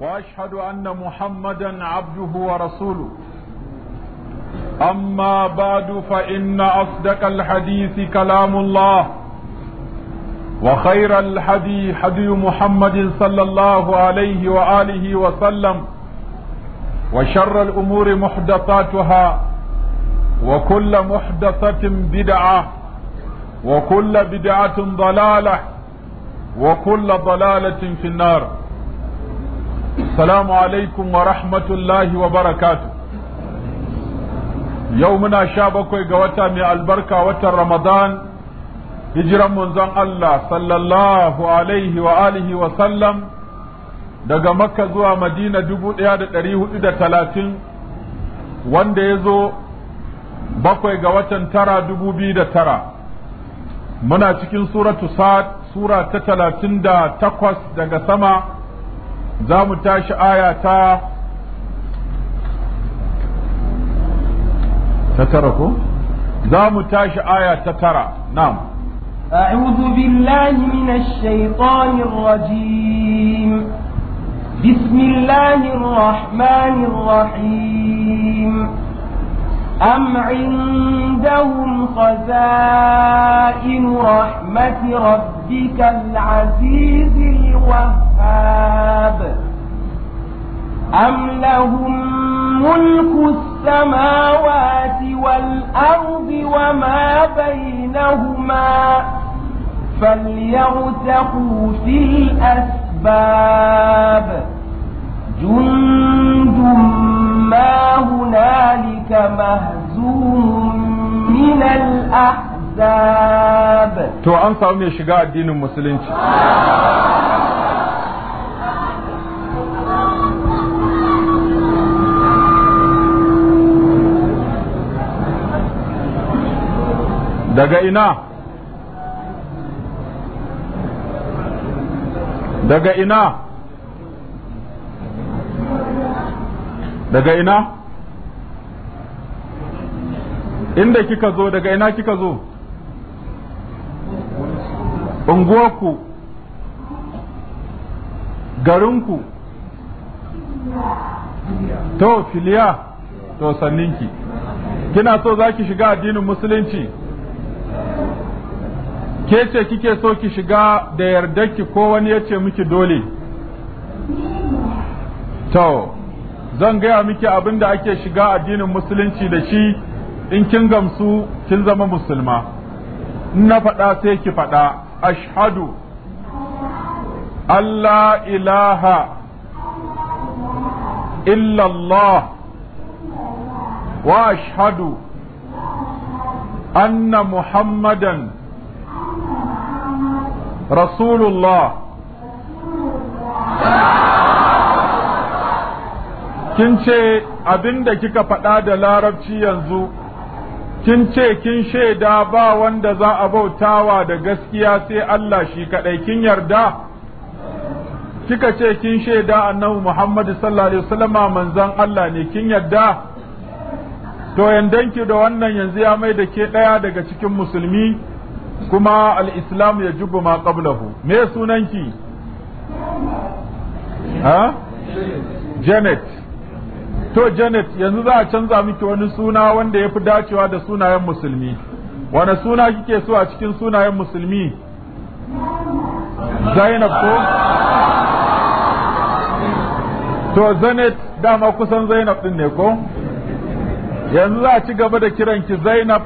واشهد ان محمدا عبده ورسوله اما بعد فان اصدق الحديث كلام الله وخير الحدي حدي محمد صلى الله عليه واله وسلم وشر الامور محدثاتها وكل محدثه بدعه وكل بدعه ضلاله وكل ضلالة في النار السلام عليكم ورحمة الله وبركاته يومنا شابك وقوتا من البركة وتر رمضان هجرا منزان الله صلى الله عليه وآله وسلم daga makka zuwa madina dubu ɗaya da ɗari hudu da talatin wanda ya zo bakwai ga watan tara dubu biyu da tara muna cikin suratu sa'ad sura ta talatin da takwas daga sama za mu tashi aya ta tara ko za mu tashi aya ta tara na'am أعوذ بالله من الشيطان الرجيم بسم الله الرحمن الرحيم أم عندهم خزائن رحمة ربك العزيز الوهاب أم لهم ملك السماوات والأرض وما بينهما فليرتقوا في الأسباب جند ما هنالك مهزوم من الأحزاب تو an samu mai shiga addinin musulunci daga ina daga ina daga ina inda kika zo daga ina kika zo unguwarku garinku to filiya to sanninki kina so za ki shiga addinin musulunci ke ce kike so ki shiga da yardarki ko wani ya ce miki dole to zan gaya miki abin da ake shiga addinin musulunci da shi in kin gamsu kin zama musulma in na faɗa sai ki faɗa ashadu Allah ilaha illallah wa ashhadu anna muhammadan rasulullah kin ce abinda kika faɗa da larabci yanzu kin ce kin shaida ba wanda za a bautawa da gaskiya sai Allah shi kaɗai kin yarda kika ce kin shaida annabi Muhammad sallallahu alaihi wasallam manzon Allah ne kin yarda to yandanki da wannan yanzu ya mai da ke ɗaya daga cikin musulmi kuma al-islam ya jubu ma qablahu me sunanki ha Janet to janet yanzu za a canza miki wani suna wanda ya fi dacewa da sunayen musulmi wani suna kike so a cikin sunayen musulmi zainab ko to Janet dama kusan zainab din ne ko yanzu za a ci gaba da kiranki zainab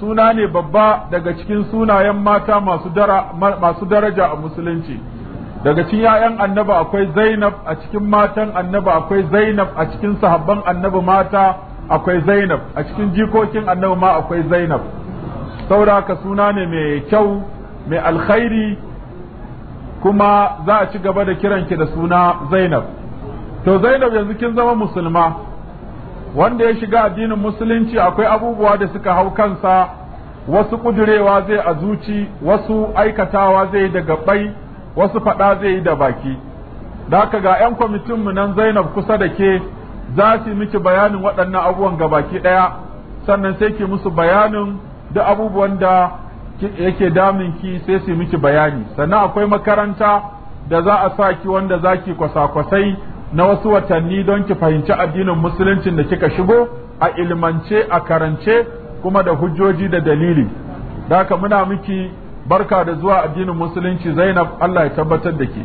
suna ne babba daga cikin sunayen mata masu daraja a musulunci daga cikin ‘ya'yan annaba akwai zainab a cikin matan annaba akwai zainab a cikin sahabban annabi mata akwai zainab a cikin jikokin annabi ma akwai zainab sauraka suna ne mai kyau mai alkhairi kuma za a ci gaba da kiranki da suna zainab to zainab yanzu kin zama musulma wanda ya shiga addinin musulunci akwai abubuwa da suka hau kansa wasu kudurewa zai a zuci wasu aikatawa zai daga bai wasu faɗa zai yi da baki da haka ga 'yan kwamitinmu nan zainab kusa da ke za su miki bayanin waɗannan abubuwan ga baki ɗaya sannan sai ki musu bayanin da abubuwan da yake ki sai su miki bayani sannan akwai makaranta da za a sa ki wanda za ki kwasa-kwasai na wasu watanni don ki fahimci addinin musuluncin da kika shigo a ilmance a karance kuma da hujjoji da dalili da haka muna miki barka da zuwa addinin musulunci Zainab Allah ya tabbatar da ke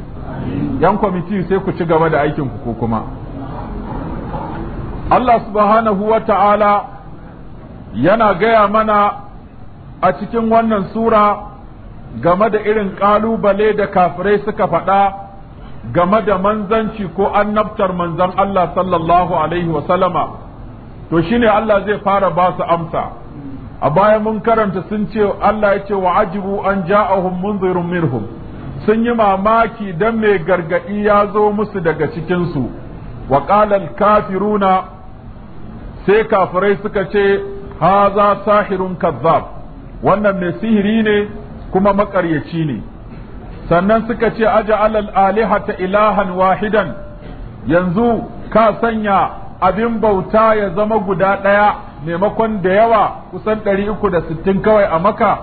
yan kwamiti sai ku ci gaba da aikin ku ko kuma Allah subhanahu wa ta'ala yana gaya mana a cikin wannan sura game da irin ƙalubale da kafirai suka faɗa game da manzanci ko annabtar manzan Allah sallallahu alaihi wasallama to shine Allah zai fara ba su amsa a baya mun karanta sun ce Allah ya ce wa ajibu an ja'ahum munzirun minhum sun yi mamaki dan mai gargadi ya zo musu daga cikin su wa qala kafiruna sai kafirai suka ce haza sahirun kazzab wannan mai sihiri ne kuma makaryaci ne sannan suka ce aja alal ta ilahan wahidan yanzu ka sanya abin bauta ya zama guda ɗaya maimakon da yawa kusan ɗari uku da sittin kawai a maka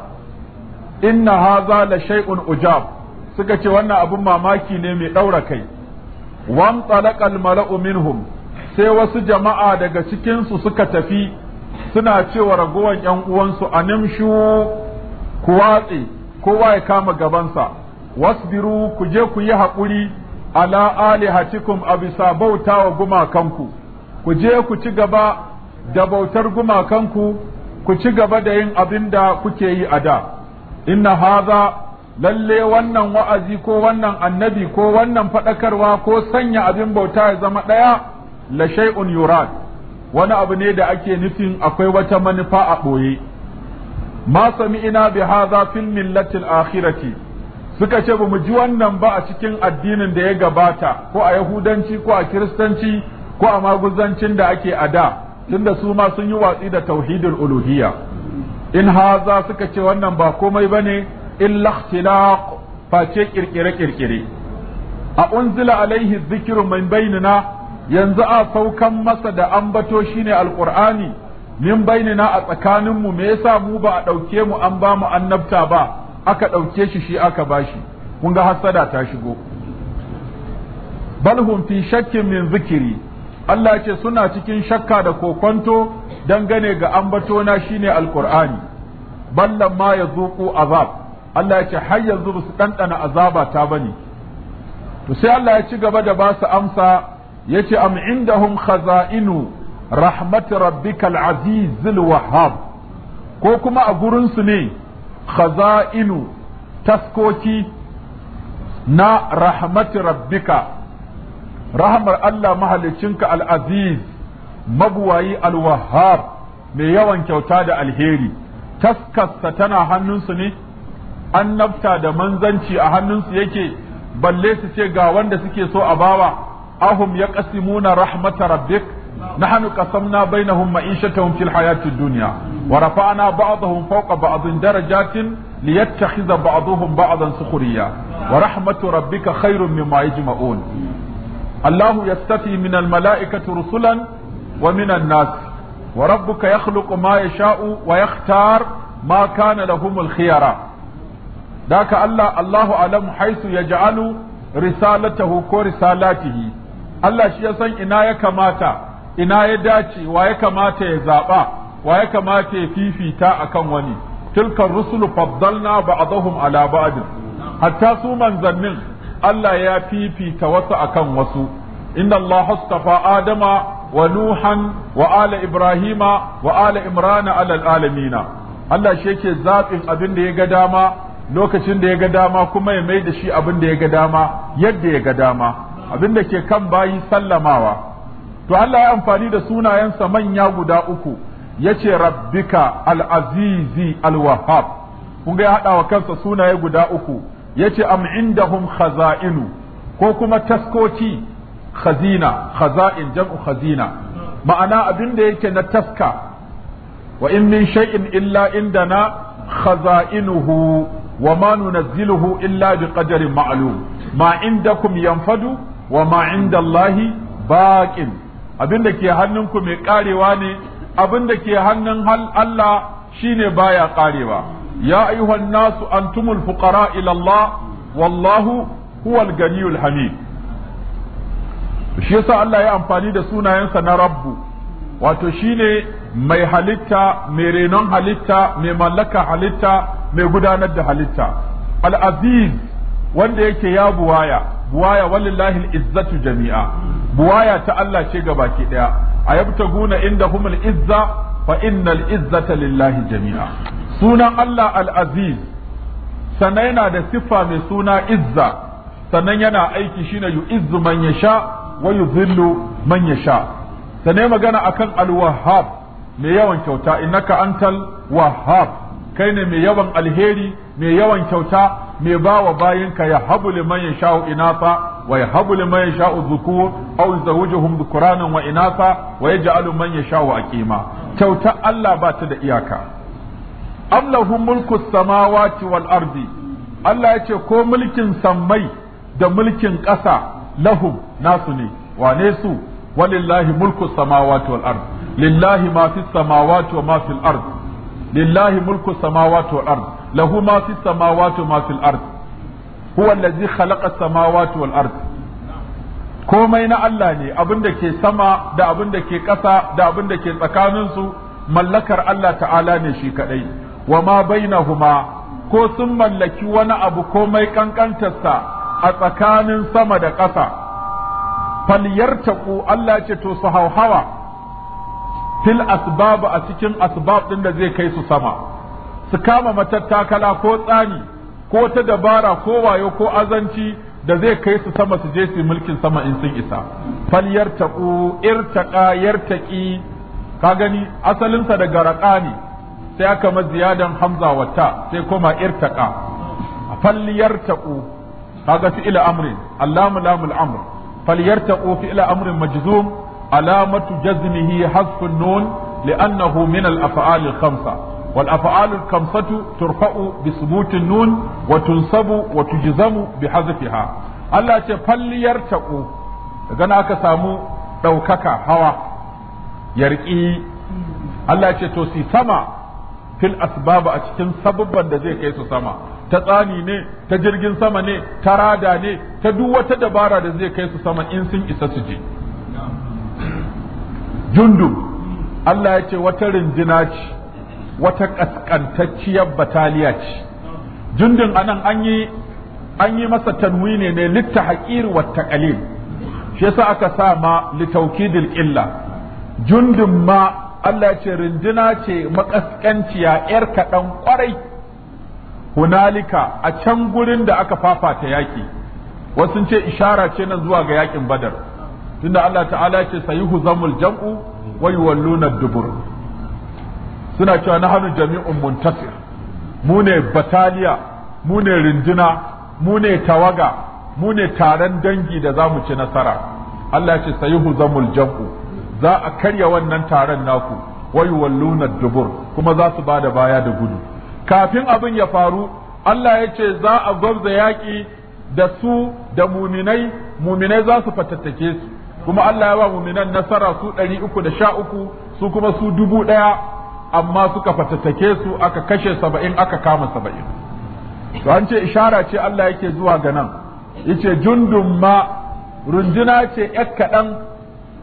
inna haza la shay'un ujab suka ce wannan abin mamaki ne mai ɗaura kai wan talaqal mala'u minhum sai wasu jama'a daga cikin su suka tafi suna cewa ragowan yan uwansu animshu ku watse kowa ya kama gabansa wasbiru ku je ku yi haƙuri ala alihatikum a bisa bauta wa gumakanku ku je ku ci gaba da bautar gumakanku ku ci gaba da yin abin da kuke yi a da inna haza lalle wannan wa'azi ko wannan annabi ko wannan faɗakarwa ko sanya abin bauta ya zama ɗaya la shay'un yurad wani abu ne da ake nufin akwai wata manufa a ɓoye ma sami'ina bi haza fil millatil akhirati suka ce ba mu ji wannan ba a cikin addinin da ya gabata ko a yahudanci ko a kiristanci ko a maguzancin da ake a da tunda su ma sun yi watsi da tauhidul uluhiyya in haza suka ce wannan ba komai bane illa ikhtilaq face kirkire kirkire a unzila alaihi dhikru min bainina yanzu a saukan masa da ambato shine alqur'ani min bainina a tsakanin mu me yasa mu ba a dauke mu an ba mu annabta ba aka dauke shi shi aka bashi kun ga hasada ta shigo bal hum fi shakkin min zikiri Allah ce suna cikin shakka da kokwanto dangane ga ambatona shine Alkur'ani. ballan ma ya yazuqu azab Allah ce har yanzu su ɗanɗana azaba ta bane to sai Allah ya ci gaba da ba su amsa yace am indahum khaza'inu rahmat rabbikal azizil wahhab ko kuma a gurin su ne khaza'inu taskoki na rahmat rabbika rahamar Allah mahalicinka al'aziz aziz mabuwayi al-wahhab mai yawan kyauta da alheri taskasta tana hannunsu ne annabta da manzanci a hannunsu yake balle su ce ga wanda suke so a bawa ahum ya kasimuna rahmata rabbik na qasamna bainahum ma'ishatahum fil hayatid duniya wa rafa'na ba'dahum fawqa ba'dhin darajatin liyattakhidha ba'dahum ba'dan sukuriya. wa rahmatu rabbika khairun mimma yajma'un Allahu yastafi min almala'ikati rusulan wa min nas wa rabbuka yakhluqu ma yasha'u wa yakhtar ma kana lahum daka Allah Allahu alam haisu yaj'alu risalatahu ko risalatihi Allah shi ya san ina ya ina ya dace wa ya kamata ya zaba wa ya kamata ya fifita akan wani rusulu hatta su manzannin Allah ya fifita wasu akan wasu inna Allah hastafa adama wa nuhan wa ala ibrahima wa ala imrana alal alamina Allah shi yake zaɓin abin da ya ga dama lokacin da ya ga dama kuma ya mai da shi abin da ya ga dama yadda ya ga dama abin da ke kan bayi sallamawa to Allah ya amfani da sunayensa manya guda uku yace rabbika al-azizi al-wahhab kun ga ya haɗa wa kansa sunaye guda uku yace am indahum khaza'inu ko kuma taskoci khazina khaza'in jam'u khazina ma'ana abin da yake na taska wa in min shay'in illa indana khaza'inuhu wa ma nunazziluhu illa biqadarin ma'lum ma indakum yanfadu wa ma inda Allahi baqin abin da ke hannunku mai karewa ne abin da ke hannun Allah shine baya karewa ya ayyuhan nasu antumul fuqara ila Allah wallahu huwal ganiyul hamid shi yasa Allah ya amfani da sunayensa na rabbu wato shine mai halitta mai renon halitta mai mallaka halitta mai gudanar da halitta al-aziz wanda yake ya buwaya buwaya walillahi al-izzatu jami'a buwaya ta Allah ce ga baki daya ayabtaguna humul izza fa innal izzata lillahi jami'a sunan Allah Al'aziz aziz sannan yana da siffa mai suna izza sannan yana aiki shine yu'izzu man yasha wa yuzillu man yasha sannan magana akan al-wahhab mai yawan kyauta innaka antal wahhab kai ne mai yawan alheri mai yawan kyauta mai bawa bayinka ya habu liman yasha inafa wa ya yahabu liman yasha dhukur aw zawjuhum dhukuranan wa inafa wa yaj'alu man yasha aqima kyauta Allah ba ta da iyaka am lahum mulku samawati wal ardi Allah ya ce ko mulkin sammai da mulkin ƙasa lahum nasu ne wane su walillahi mulku samawati wal ardi lillahi ma fi samawati wa ma fil ardi lillahi mulku samawati wal ardi lahu ma fi samawati wa ma fil ardi huwa allazi khalaqa samawati wal ardi komai na Allah ne abin da ke sama da abin da ke ƙasa da abin da ke tsakaninsu mallakar Allah ta'ala ne shi kadai wa ma huma ko sun mallaki wani abu komai kankantarsa a tsakanin sama da ƙasa falyartaqu Allah ce to su hauhawa fil asbab a cikin asbab din da zai kai su sama su kama matattakala ko tsani ko ta dabara ko wayo ko azanci da zai kai su sama su je su mulkin sama in sun isa falyartaqu irtaqa yartaqi ka gani asalinsa daga raƙa ne sai aka ma ziyadan hamza wata sai koma irtaqa falyartaqu kaga fi'il amrin allamu lamul amr falyartaqu fi'il amrin majzum alamatu jazmihi hasfun nun li'annahu min al-af'al al-khamsa wal af'al al-khamsatu turfa'u bi subutin nun wa tunsabu wa tujzamu bi hazfiha Allah ce taƙo. daga na aka samu ɗaukaka hawa yarki Allah ce to si sama fil asbaba a cikin sababban da zai kai su sama ta tsani ne ta jirgin sama ne ta rada ne ta duk wata dabara da zai kai su sama in sun isa su je jundu Allah ya ce wata rinjina ce wata kaskantacciyar bataliya ce Jundin anan an yi an yi masa tanwini ne litta haƙir wa taƙalil shi yasa aka sa ma litaukidil illa Jundin ma Allah ya ce rinjina ce makaskanciya ‘yar kaɗan ƙwarai, hunalika a can gurin da aka fafata yaƙi, wasu ce ishara ce nan zuwa ga yaƙin badar, tunda Allah ta'ala ce sayi huzamul jam'u wai wallunar dubur. Suna cewa na hannu jami'un muntasir, mu ne bataliya, mu ne rinduna, mu ne tawaga, mu ne taron dangi da za mu ci nasara. Allah ce sayi huzamul jam'u za a karya wannan taron naku wai walluna dubur kuma za su bada baya da gudu kafin abin ya faru Allah ya ce za a gwabza yaƙi da su da muminai muminai za su fatattake su kuma Allah ya ba muminan nasara su ɗari uku da sha uku su kuma su dubu ɗaya amma suka fatattake su aka kashe saba'in aka kama saba'in to an ce ishara ce Allah yake zuwa ga nan yace jundun ma runduna ce ƴar kaɗan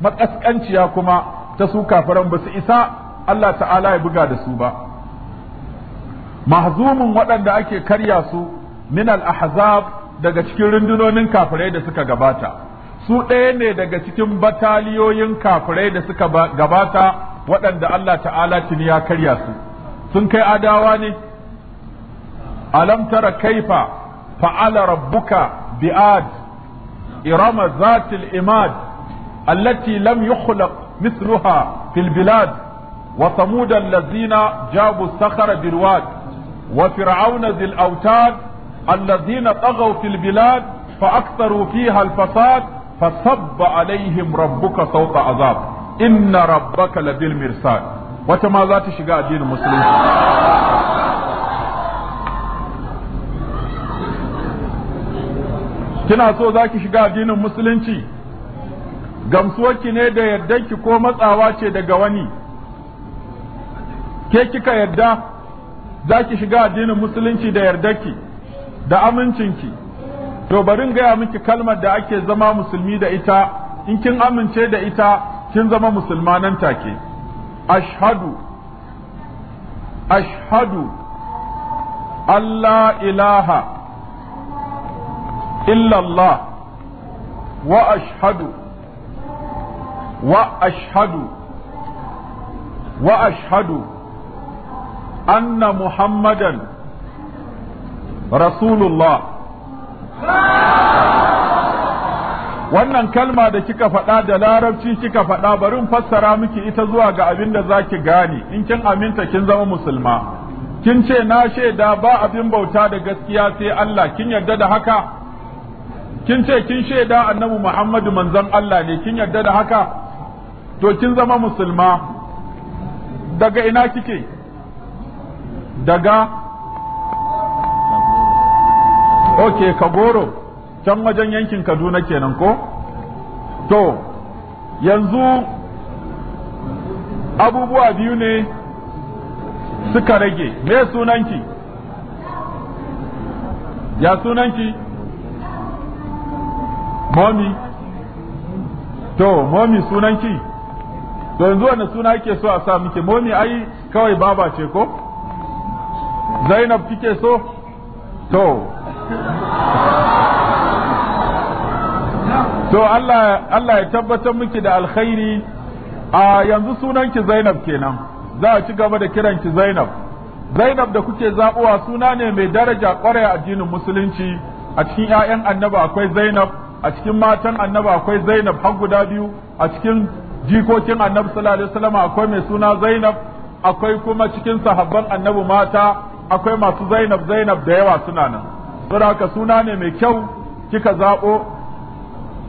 makaskanciya kuma ta su kafiran ba su isa Allah ta'ala ya buga da su ba mahzumin waɗanda ake karya su min al-ahzab daga cikin rundunonin kafirai da suka gabata su ɗaya ne daga cikin bataliyoyin kafirai da suka gabata waɗanda Allah ta'ala tuni ya karya su sun kai adawa ne alam tara kaifa fa'ala rabbuka bi'ad irama zatil imad التي لم يخلق مثلها في البلاد وثمود الذين جابوا الصخر بالواد وفرعون ذي الأوتاد الذين طغوا في البلاد فأكثروا فيها الفساد فصب عليهم ربك صوت عذاب إن ربك لبالمرصاد وتما ذات شقاء دين المسلمين kina so za ki shiga addinin musulunci gamsuwarki ne da yardanki ko matsawa ce daga wani ke kika yarda za ki shiga addinin musulunci da yardarki da amincinki to barin gaya miki kalmar da ake zama musulmi da ita in kin amince da ita kin zama musulma nan take ashhadu ashhadu Allah ilaha illallah wa ashhadu واشهد واشهد ان محمدا رسول الله wannan kalma da kika faɗa da larabci kika faɗa bari in fassara miki ita zuwa ga abin da zaki gane in kin aminta kin zama musulma kin ce na shaida ba abin bauta da gaskiya sai Allah kin yarda da haka kin ce kin shaida annabi Muhammadu manzon Allah ne kin yarda da haka to kin zama musulma daga ina kike daga ok kagoro can wajen yankin kaduna kenan ko to yanzu abubuwa biyu ne suka rage me sunanki ya sunanki momi to momi sunanki to yanzu wani suna yake so a sa miki momi ai kawai baba ce ko zainab kike so to to Allah Allah ya tabbatar miki da alkhairi a yanzu sunanki zainab kenan za a ci gaba da kiranki zainab zainab da kuke zabuwa suna ne mai daraja kwarai a addinin musulunci a cikin 'ya'yan annaba akwai zainab a cikin matan annaba akwai zainab har guda biyu a cikin jikokin annabi sallallahu alaihi wasallam akwai mai suna zainab akwai kuma cikin sahabban annabi mata akwai masu zainab zainab da yawa suna nan saboda haka suna ne mai kyau kika zabo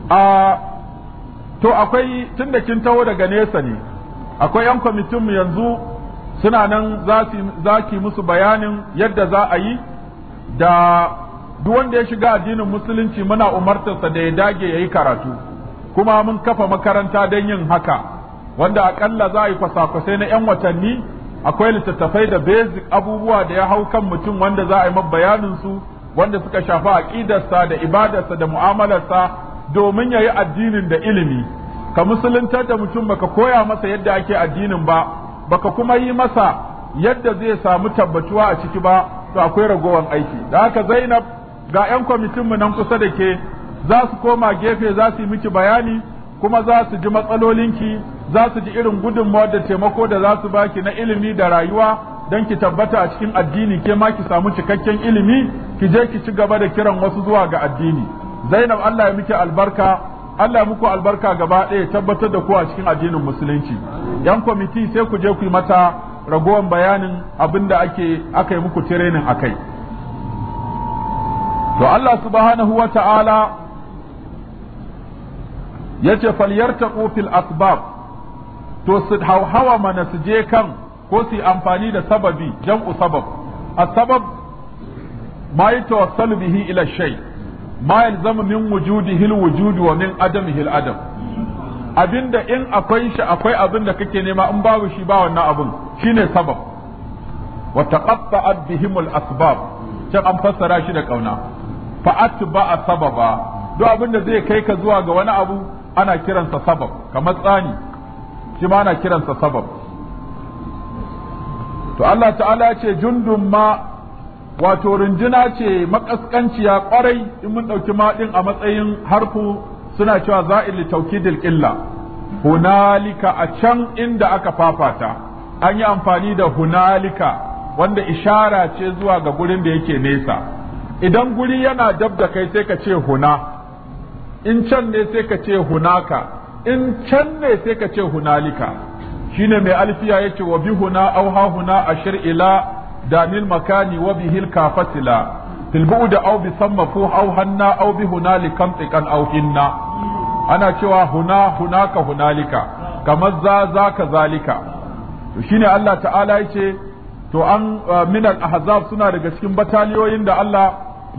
a to akwai tunda kin taho daga nesa ne akwai yan kwamitin mu yanzu suna nan za ki musu bayanin yadda za a yi da duk wanda ya shiga addinin musulunci muna umartarsa da ya dage ya yi karatu kuma mun kafa makaranta don yin haka wanda akalla za a yi kwasa-kwasai na 'yan watanni akwai littattafai da basic abubuwa da ya hau kan mutum wanda za a yi bayanin su wanda suka shafa aƙidarsa da ibadarsa da mu'amalarsa domin ya yi addinin da ilimi ka musuluntar da mutum baka koya masa yadda ake addinin ba baka kuma yi masa yadda zai samu tabbatuwa a ciki ba to akwai ragowar aiki da haka zainab ga 'yan kwamitinmu nan kusa da ke za su koma gefe za su yi miki bayani kuma za su ji matsalolinki za su ji irin gudunmawar da taimako da za su baki na ilimi da rayuwa don ki tabbata a cikin addini ke ma ki samu cikakken ilimi ki je ki ci gaba da kiran wasu zuwa ga addini zainab allah ya miki albarka allah ya muku albarka gaba ɗaya tabbatar da ku a cikin addinin musulunci yan kwamiti sai ku je ku yi mata ragowar bayanin abin da ake aka yi muku tirenin akai to allah subhanahu wa ta'ala yace falyartaqu fil asbab to su hauhawa mana su je kan ko su yi amfani da sababi jam'u sabab A sabab ma yi yatawassalu bihi ila shay ma yalzamu min wujudihi al-wujud wa min adamihi al-adam abinda in akwai shi akwai abin da kake nema in babu shi ba wannan abin shine sabab wa taqatta'at bihim asbab can an fassara shi da kauna fa atba'a sababa duk abin da zai kai ka zuwa ga wani abu ana kiransa sabab kamar tsani shi ma ana kiransa sabab to Allah ta'ala ce jundun ma wato rinjina ce makaskanciya kwarai in mun ɗauki maɗin a matsayin harfu suna cewa za'il taukidil illa hunalika a can inda aka fafata an yi amfani da hunalika wanda ishara ce zuwa ga gurin da yake nesa idan guri yana dab da kai sai ka ce huna in can ne sai ka ce hunaka in can ne sai ka ce hunalika shine mai alfiya yake wa bi huna aw ha huna ashir ila damil makani wa hil kafatila fil bu'd aw bi samma fu aw hanna aw bi hunalika tikan aw hinna ana cewa huna hunaka hunalika kamar za za ka zalika to shine Allah ta'ala ce, to an ah, min al ahzab suna daga cikin bataliyoyin da Allah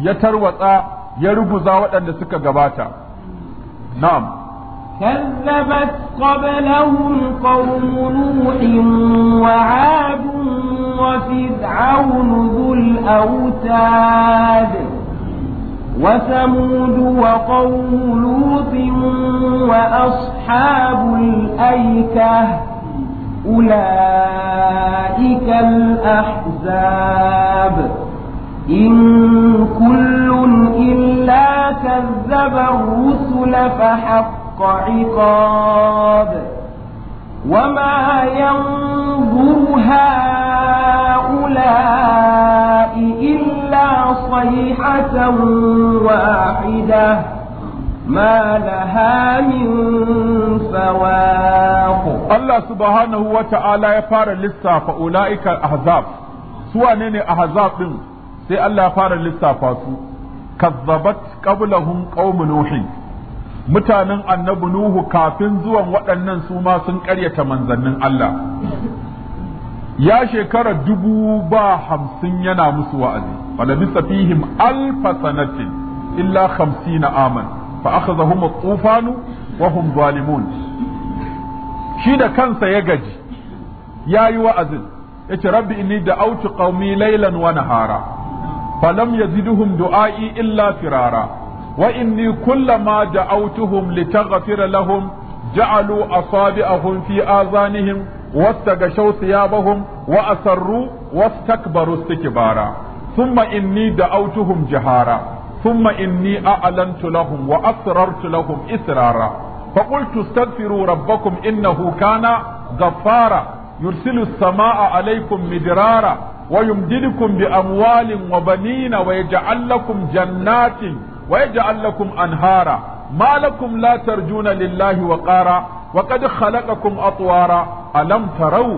ya tarwatsa ya ruguza waɗanda suka gabata نعم كذبت قبلهم قوم نوح وعاد وفرعون ذو الأوتاد وثمود وقوم لوط وأصحاب الأيكة أولئك الأحزاب إن كل إلا كذب الرسل فحق عقاب وما ينظر هؤلاء إلا صيحة واحدة ما لها من فواق الله سبحانه وتعالى يفار لسا فأولئك الأحزاب سواء نيني أحزاب sai Allah fara lissafa su kazzabat qablahum qaum nuhin mutanen annabi nuhu kafin zuwan waɗannan su ma sun ƙaryata manzannin Allah ya shekara dubu ba hamsin yana musu wa'azi falabisa fihim alfa sanatin illa khamsina aman fa akhadhahum at-tufanu wa hum zalimun shi da kansa ya gaji yayi wa'azin yace rabbi inni da'awtu qaumi laylan wa nahara falam yazidhum du'ai illa firara wa inni kullama da'awtuhum litaghfira lahum ja'alu asabi'ahum fi azanihim واستغشوا ثيابهم وأسروا واستكبروا استكبارا ثم إني دعوتهم جهارا ثم إني أعلنت لهم وأسررت لهم إسرارا فقلت استغفروا ربكم إنه كان غفارا يرسل السماء عليكم مدرارا wa yumdidukum bi amwalin wa banina wa yaj'al jannatin wa yaj'al lakum anhara Malakum latar juna lillahi wa qara wa qad khalaqakum atwara alam taraw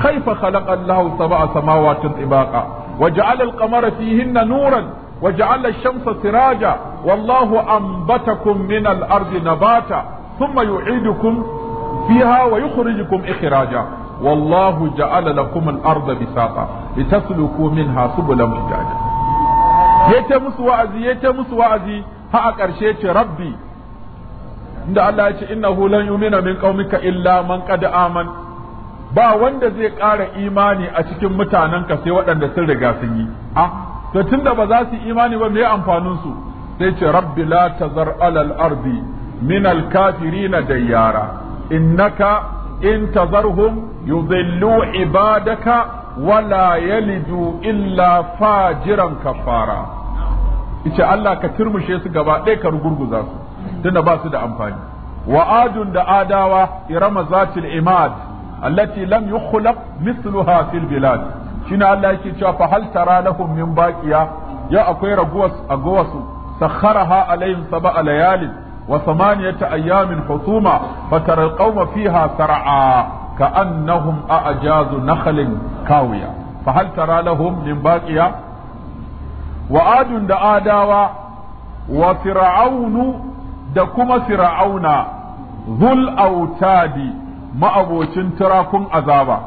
kayfa khalaqa Allahu sab'a samawatin tibaqa wa ja'ala al-qamara fihinna nuran wa ja'ala shamsa siraja wallahu anbatakum min al na bata. thumma yu'idukum fiha wa kum ikhraja wallahu ja'ala lakum al-ardha bisaqa litasluku minha subulan yace musu wa'azi yace musu wa'azi ha a ƙarshe ce rabbi inda Allah ya ce innahu lan yu'mina min qaumika illa man qad aman ba wanda zai ƙara imani a cikin mutanenka sai waɗanda sun riga sun yi ah to tunda ba za su imani ba me amfanin su sai ce rabbi la tazar alal ardi min al kafirina dayyara innaka in tazarhum yudhillu ibadaka wala yalidu illa fajiran kafara ice Allah ka turmushe su gaba ɗaya ka rugurguza su tunda ba su da amfani wa adun da adawa irama imad allati lam yukhlaq mithluha fil bilad shine Allah yake cewa fa hal tara lahum min baqiya ya akwai raguwas agowasu sakharaha alaihim sab'a layalin وثمانية أيام حصوما فترى القوم فيها سرعا كأنهم أعجاز نخل كاوية فهل ترى لهم من باقية وعاد دا آداوا وفرعون دا كما فرعون ذو الأوتاد ما أبو تراكم أذابا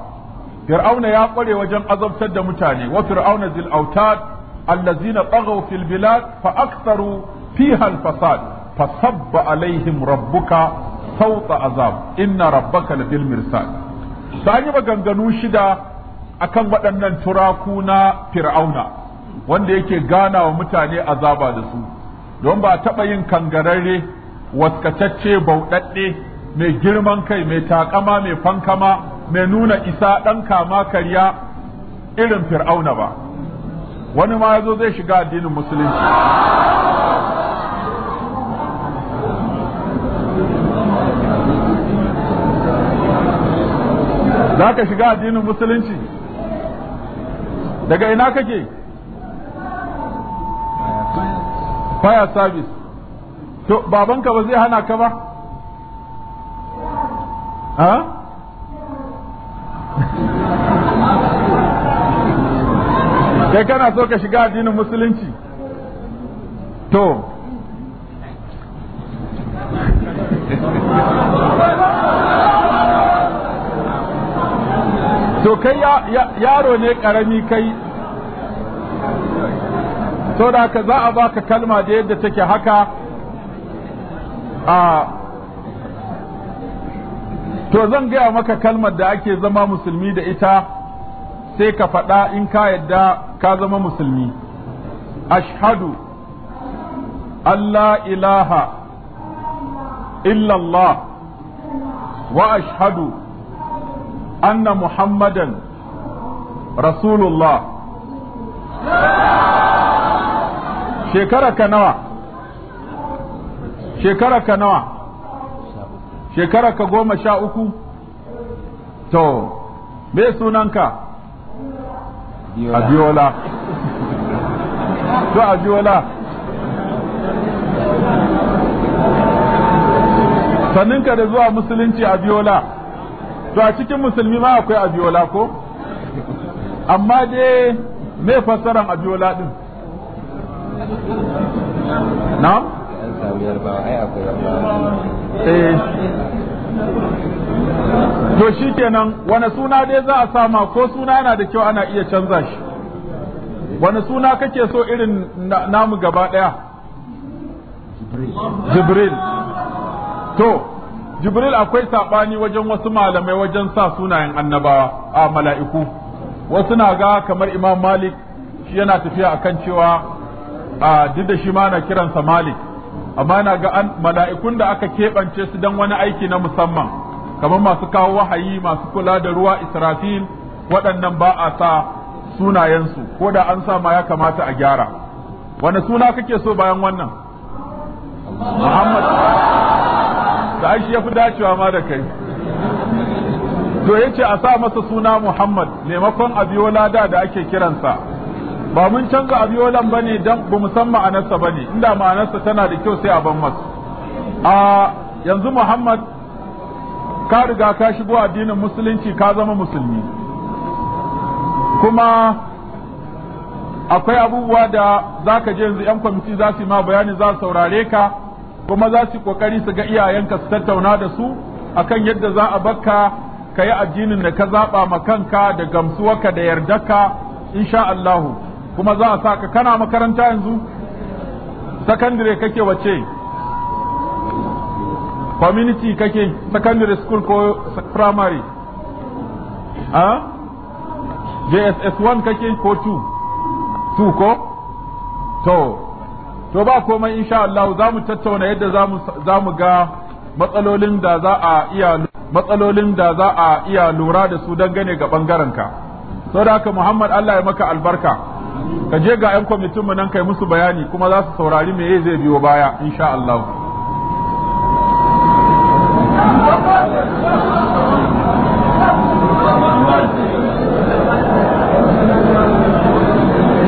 فرعون يا قولي وجن أذب سد متاني وفرعون ذو الأوتاد الذين طغوا في البلاد فأكثروا فيها الفساد فصب عليهم ربك صوت عذاب إن ربك لبل مرسال سأجب shida شدا waɗannan turaku na fir'auna wanda yake gana wa mutane azaba da su don ba taɓa yin kangararre waskatacce bauɗaɗɗe mai girman kai mai takama mai fankama mai nuna isa ɗan kama karya irin fir'auna ba wani ma ya zo zai shiga addinin musulunci za ka shiga addinin musulunci daga ina kake fire service to babanka ba zai hana ka ba ha kai kana so ka shiga addinin musulunci to to kai yaro ne karami kai to da ka za a baka kalma da yadda take haka a to zan gaya maka kalmar da ake zama musulmi da ita sai ka faɗa in ka yadda ka zama musulmi ashhadu Allah ilaha illallah wa ashhadu anna muhammadan rasulullah shekara ka nawa shekara ka nawa shekara ka goma sha uku to me sunanka abiola to abiola sanninka da zuwa musulunci abiola to a cikin musulmi ma akwai abiola ko amma dai me fassaran abiola din Na? Eh. to shi kenan wani suna dai za a sama ko suna yana da kyau ana iya canza shi wani suna kake so irin namu gaba daya jibril to jibril akwai saɓani wajen wasu malamai wajen sa sunayen annabawa a mala'iku wasu na ga kamar imam malik shi yana tafiya akan cewa a duk da shi ma na kiransa malik amma yana ga an mala'ikun da aka keɓance su don wani aiki na musamman kamar masu kawo wahayi masu kula da ruwa israfil waɗannan ba a sa sunayensu ko da an sa ma ya kamata a gyara wani suna kake so bayan wannan muhammad da ai shi yafi dacewa ma da kai to yace a sa masa suna Muhammad maimakon Abiola da da ake kiransa ba mun canza Abiolan bane dan ba mu san ma'anarsa bane inda ma'anarsa tana da kyau sai a ban masa a yanzu Muhammad ka riga ka shigo addinin musulunci ka zama musulmi kuma akwai abubuwa da zaka je yanzu yan kwamiti za su yi ma bayani za su saurare ka kuma za su kokari su ga iyayenka su tattauna da su akan yadda za a bakka ka yi addinin da ka zaɓa ma kanka da gamsuwarka da yardaka insha Allah kuma za a sa ka kana makaranta yanzu secondary kake wace community kake secondary school ko primary a JSS 1 kake ko 2 2 ko to to ba komai insha Allah za mu tattauna yadda za mu ga matsalolin da za a iya matsalolin da za a iya lura da su dangane ga bangaren ka da haka Muhammad Allah ya maka albarka ka je ga 'yan kwamitin mu nan kai musu bayani kuma za su saurari me zai biyo baya insha Allah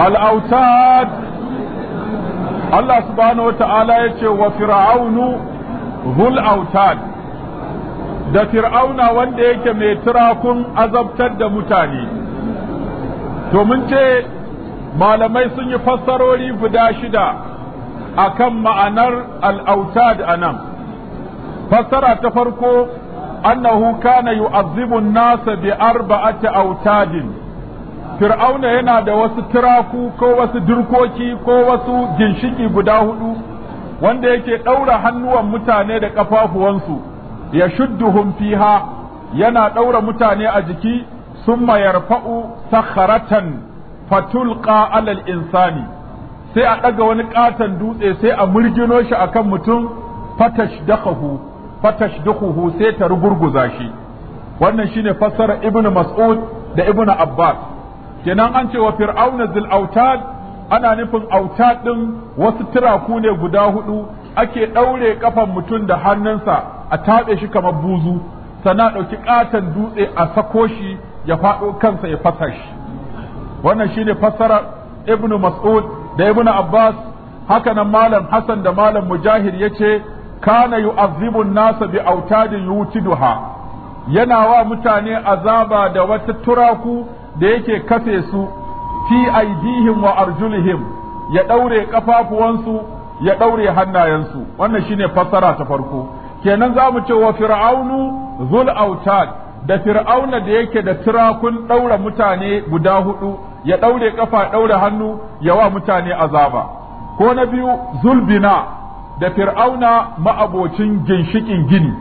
al'autar Allah subhanahu wa ta'ala ya ce wa fir'aunu hul autad da fir'auna wanda yake mai turakun azabtar da mutane to mun ce malamai sun yi fassarori guda shida akan ma'anar al'autad a nan fassara ta farko annahu kana yu'azzibu an-nasa bi arba'ati autadin fir'auna yana da wasu turaku ko wasu dirkoki ko wasu ginshiki guda hudu wanda yake ɗaura hannuwan mutane da ƙafafuwansu ya shudduhum fiha yana ɗaura mutane a jiki summa yarfa'u sakharatan fatulqa alal insani sai a ɗaga wani ƙaton dutse sai a murgino shi akan mutum fatash fatash dakhuhu sai ta rugurguza shi wannan shine fassara ibnu mas'ud da ibnu abbas kenan an ce wa fir'auna zil autad ana nufin autad din wasu turaku ne guda hudu ake daure kafan mutum da hannunsa a tabe shi kamar buzu sana dauki katan dutse a sako shi ya faɗo kansa ya fasa shi wannan shine fassara ibnu mas'ud da ibnu abbas haka nan malam hasan da malam mujahid yace kana yu'azibun nasa bi autadin yutiduha yana wa mutane azaba da wata turaku da yake kafe su fi aidihim wa arjulihim ya daure kafafuwansu ya daure hannayensu wannan shine fassara ta farko kenan zamu ce wa fir'aunu zul autad da fir'auna da yake da tirakun daura mutane guda hudu ya ɗaure ƙafa daura hannu ya wa mutane azaba ko na biyu zulbina da fir'auna ma'abocin ginshikin gini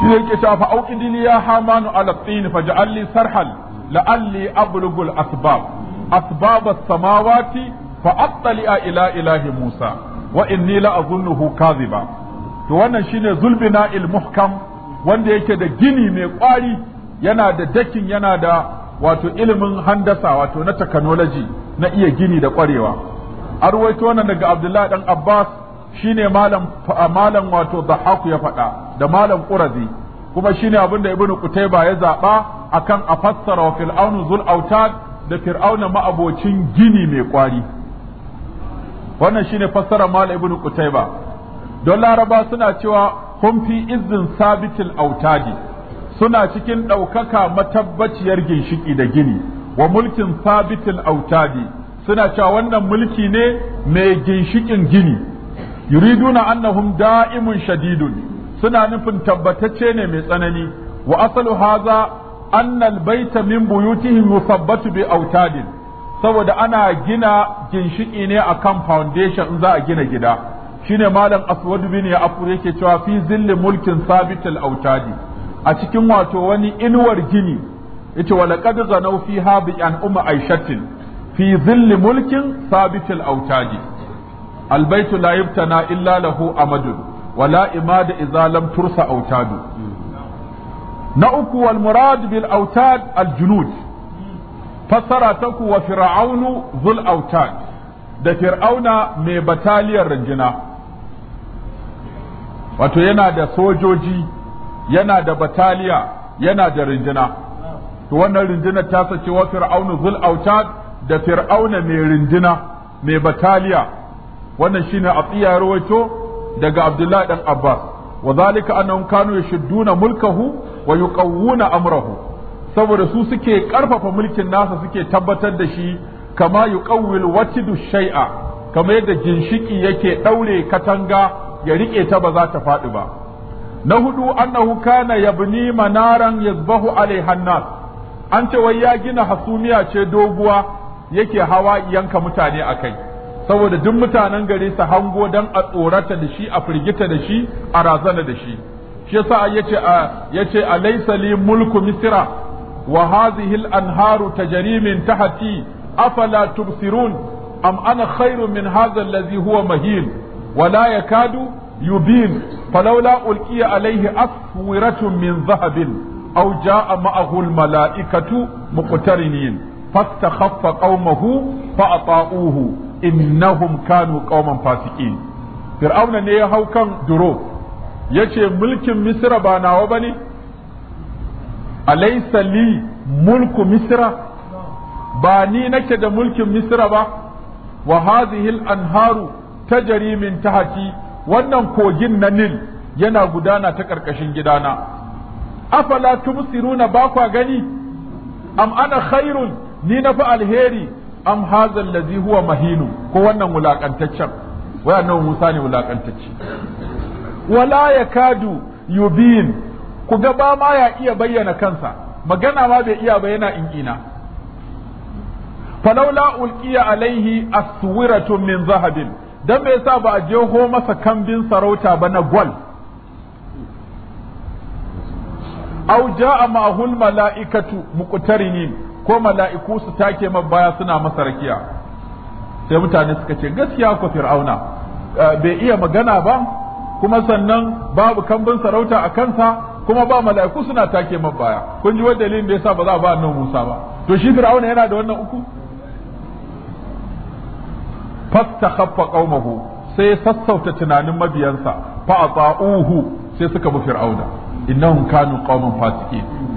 shi yake shafa auqidili diliya hamanu ala tin faj'alni sarhal la'alli ablughul asbab asbab as-samawati fa attali'a ila ilahi Musa wa inni la azunnuhu kadhiba to wannan shine zulbina il muhkam wanda yake da gini mai ƙwari, yana da dakin yana da wato ilimin handasa wato na technology na iya gini da ƙwarewa. arwaito wannan daga Abdullah dan Abbas shine malam malam wato Zahaku ya faɗa da malam Qurazi kuma shine abin da ibnu qutayba ya zaba akan a fassara wa fir'aunu zul autad da fir'auna ma'abocin gini mai kwari wannan shine fassara mal ibnu qutayba don laraba suna cewa hum fi izzin sabitil autadi suna cikin ɗaukaka matabbaciyar ginshiki da gini wa mulkin sabitil autadi suna cewa wannan mulki ne mai ginshikin gini yuriduna annahum da'imun shadidun suna nufin tabbatacce ne mai tsanani wa asalu haza annal baita min buyutihim yusabbatu bi autadin saboda ana gina ginshiki ne akan foundation in za a gina gida shine malam aswad bin ya afur yake cewa fi zilli mulkin sabitul autadi a cikin wato wani inuwar gini yace wa laqad zanau fi bi an umma aishatin fi zilli mulkin sabitul autadi البيت لا يبتنى إلا له amadun. wala imada idza tursa autadu na uku wal murad bil autad al junud fassara ta fir'aunu zul autad da fir'auna mai bataliyar rinjina wato yana da sojoji yana da bataliya yana da rinjina to wannan rinjina ta sace wa fir'aunu zul autad da fir'auna mai rinjina mai bataliya wannan shine a tsiya daga Abdullahi dan Abbas wa zalika annahum kanu yashudduna mulkahu wa yuqawwuna amrahu saboda su suke karfafa mulkin nasa suke tabbatar da shi kama yuqawwil watidu shay'a kama yadda ginshiki yake daure katanga ya rike ta ba za ta faɗi ba na hudu annahu kana yabni manaran yazbahu alaiha nas an ce wai ya gina hasumiya ce doguwa yake hawa yanka mutane akai saboda duk mutanen gari su hango dan a tsorata da shi a firgita da shi a razana da shi shi yasa yace a yace alaysa li mulku misra wa hadhihi al-anharu tajri min tahti afala tubsirun am ana khairun min hadha alladhi huwa mahin wa la yakadu yubin falawla ulqiya alayhi aswiratun min dhahabin aw jaa ma'ahu al-mala'ikatu muqtarinin fastakhaffa qaumahu fa ata'uhu innahum kanu qauman fasiqin fir'auna ne ya hau kan duro yace mulkin misra ba nawa bane alaysa li mulku misra ba ni nake da mulkin misra ba wa hadhihi al-anharu tajri min tahti wannan kogin na nil yana gudana ta karkashin gidana afala tumsiruna ba kwa gani am ana khairun ni na fa alheri am hadha allazi huwa mahinu ko wannan wulakantaccen wai annabi Musa ne wulakantacce wala yakadu yubin ku ga ba ma ya iya bayyana kansa magana ma bai iya ba yana ina falaula ulqiya alaihi aswiratun min zahabin dan me yasa ba a je ho masa kambin sarauta ba na gwal aw a ma'ahul mala'ikatu muqtarinin ko mala'iku su take man baya suna masa rakiya sai mutane suka ce gaskiya ku fir'auna eh, bai iya magana ba kuma sannan babu kambin sarauta a kansa kuma ba mala'iku suna take man baya kun ji wani dalilin da yasa ba za a ba annabi Musa ba to shi fir'auna yana da wannan uku fastakhaffa qaumahu sai sassauta tunanin mabiyansa fa uhu sai suka bi fir'auna innahum kanu qauman fasiqin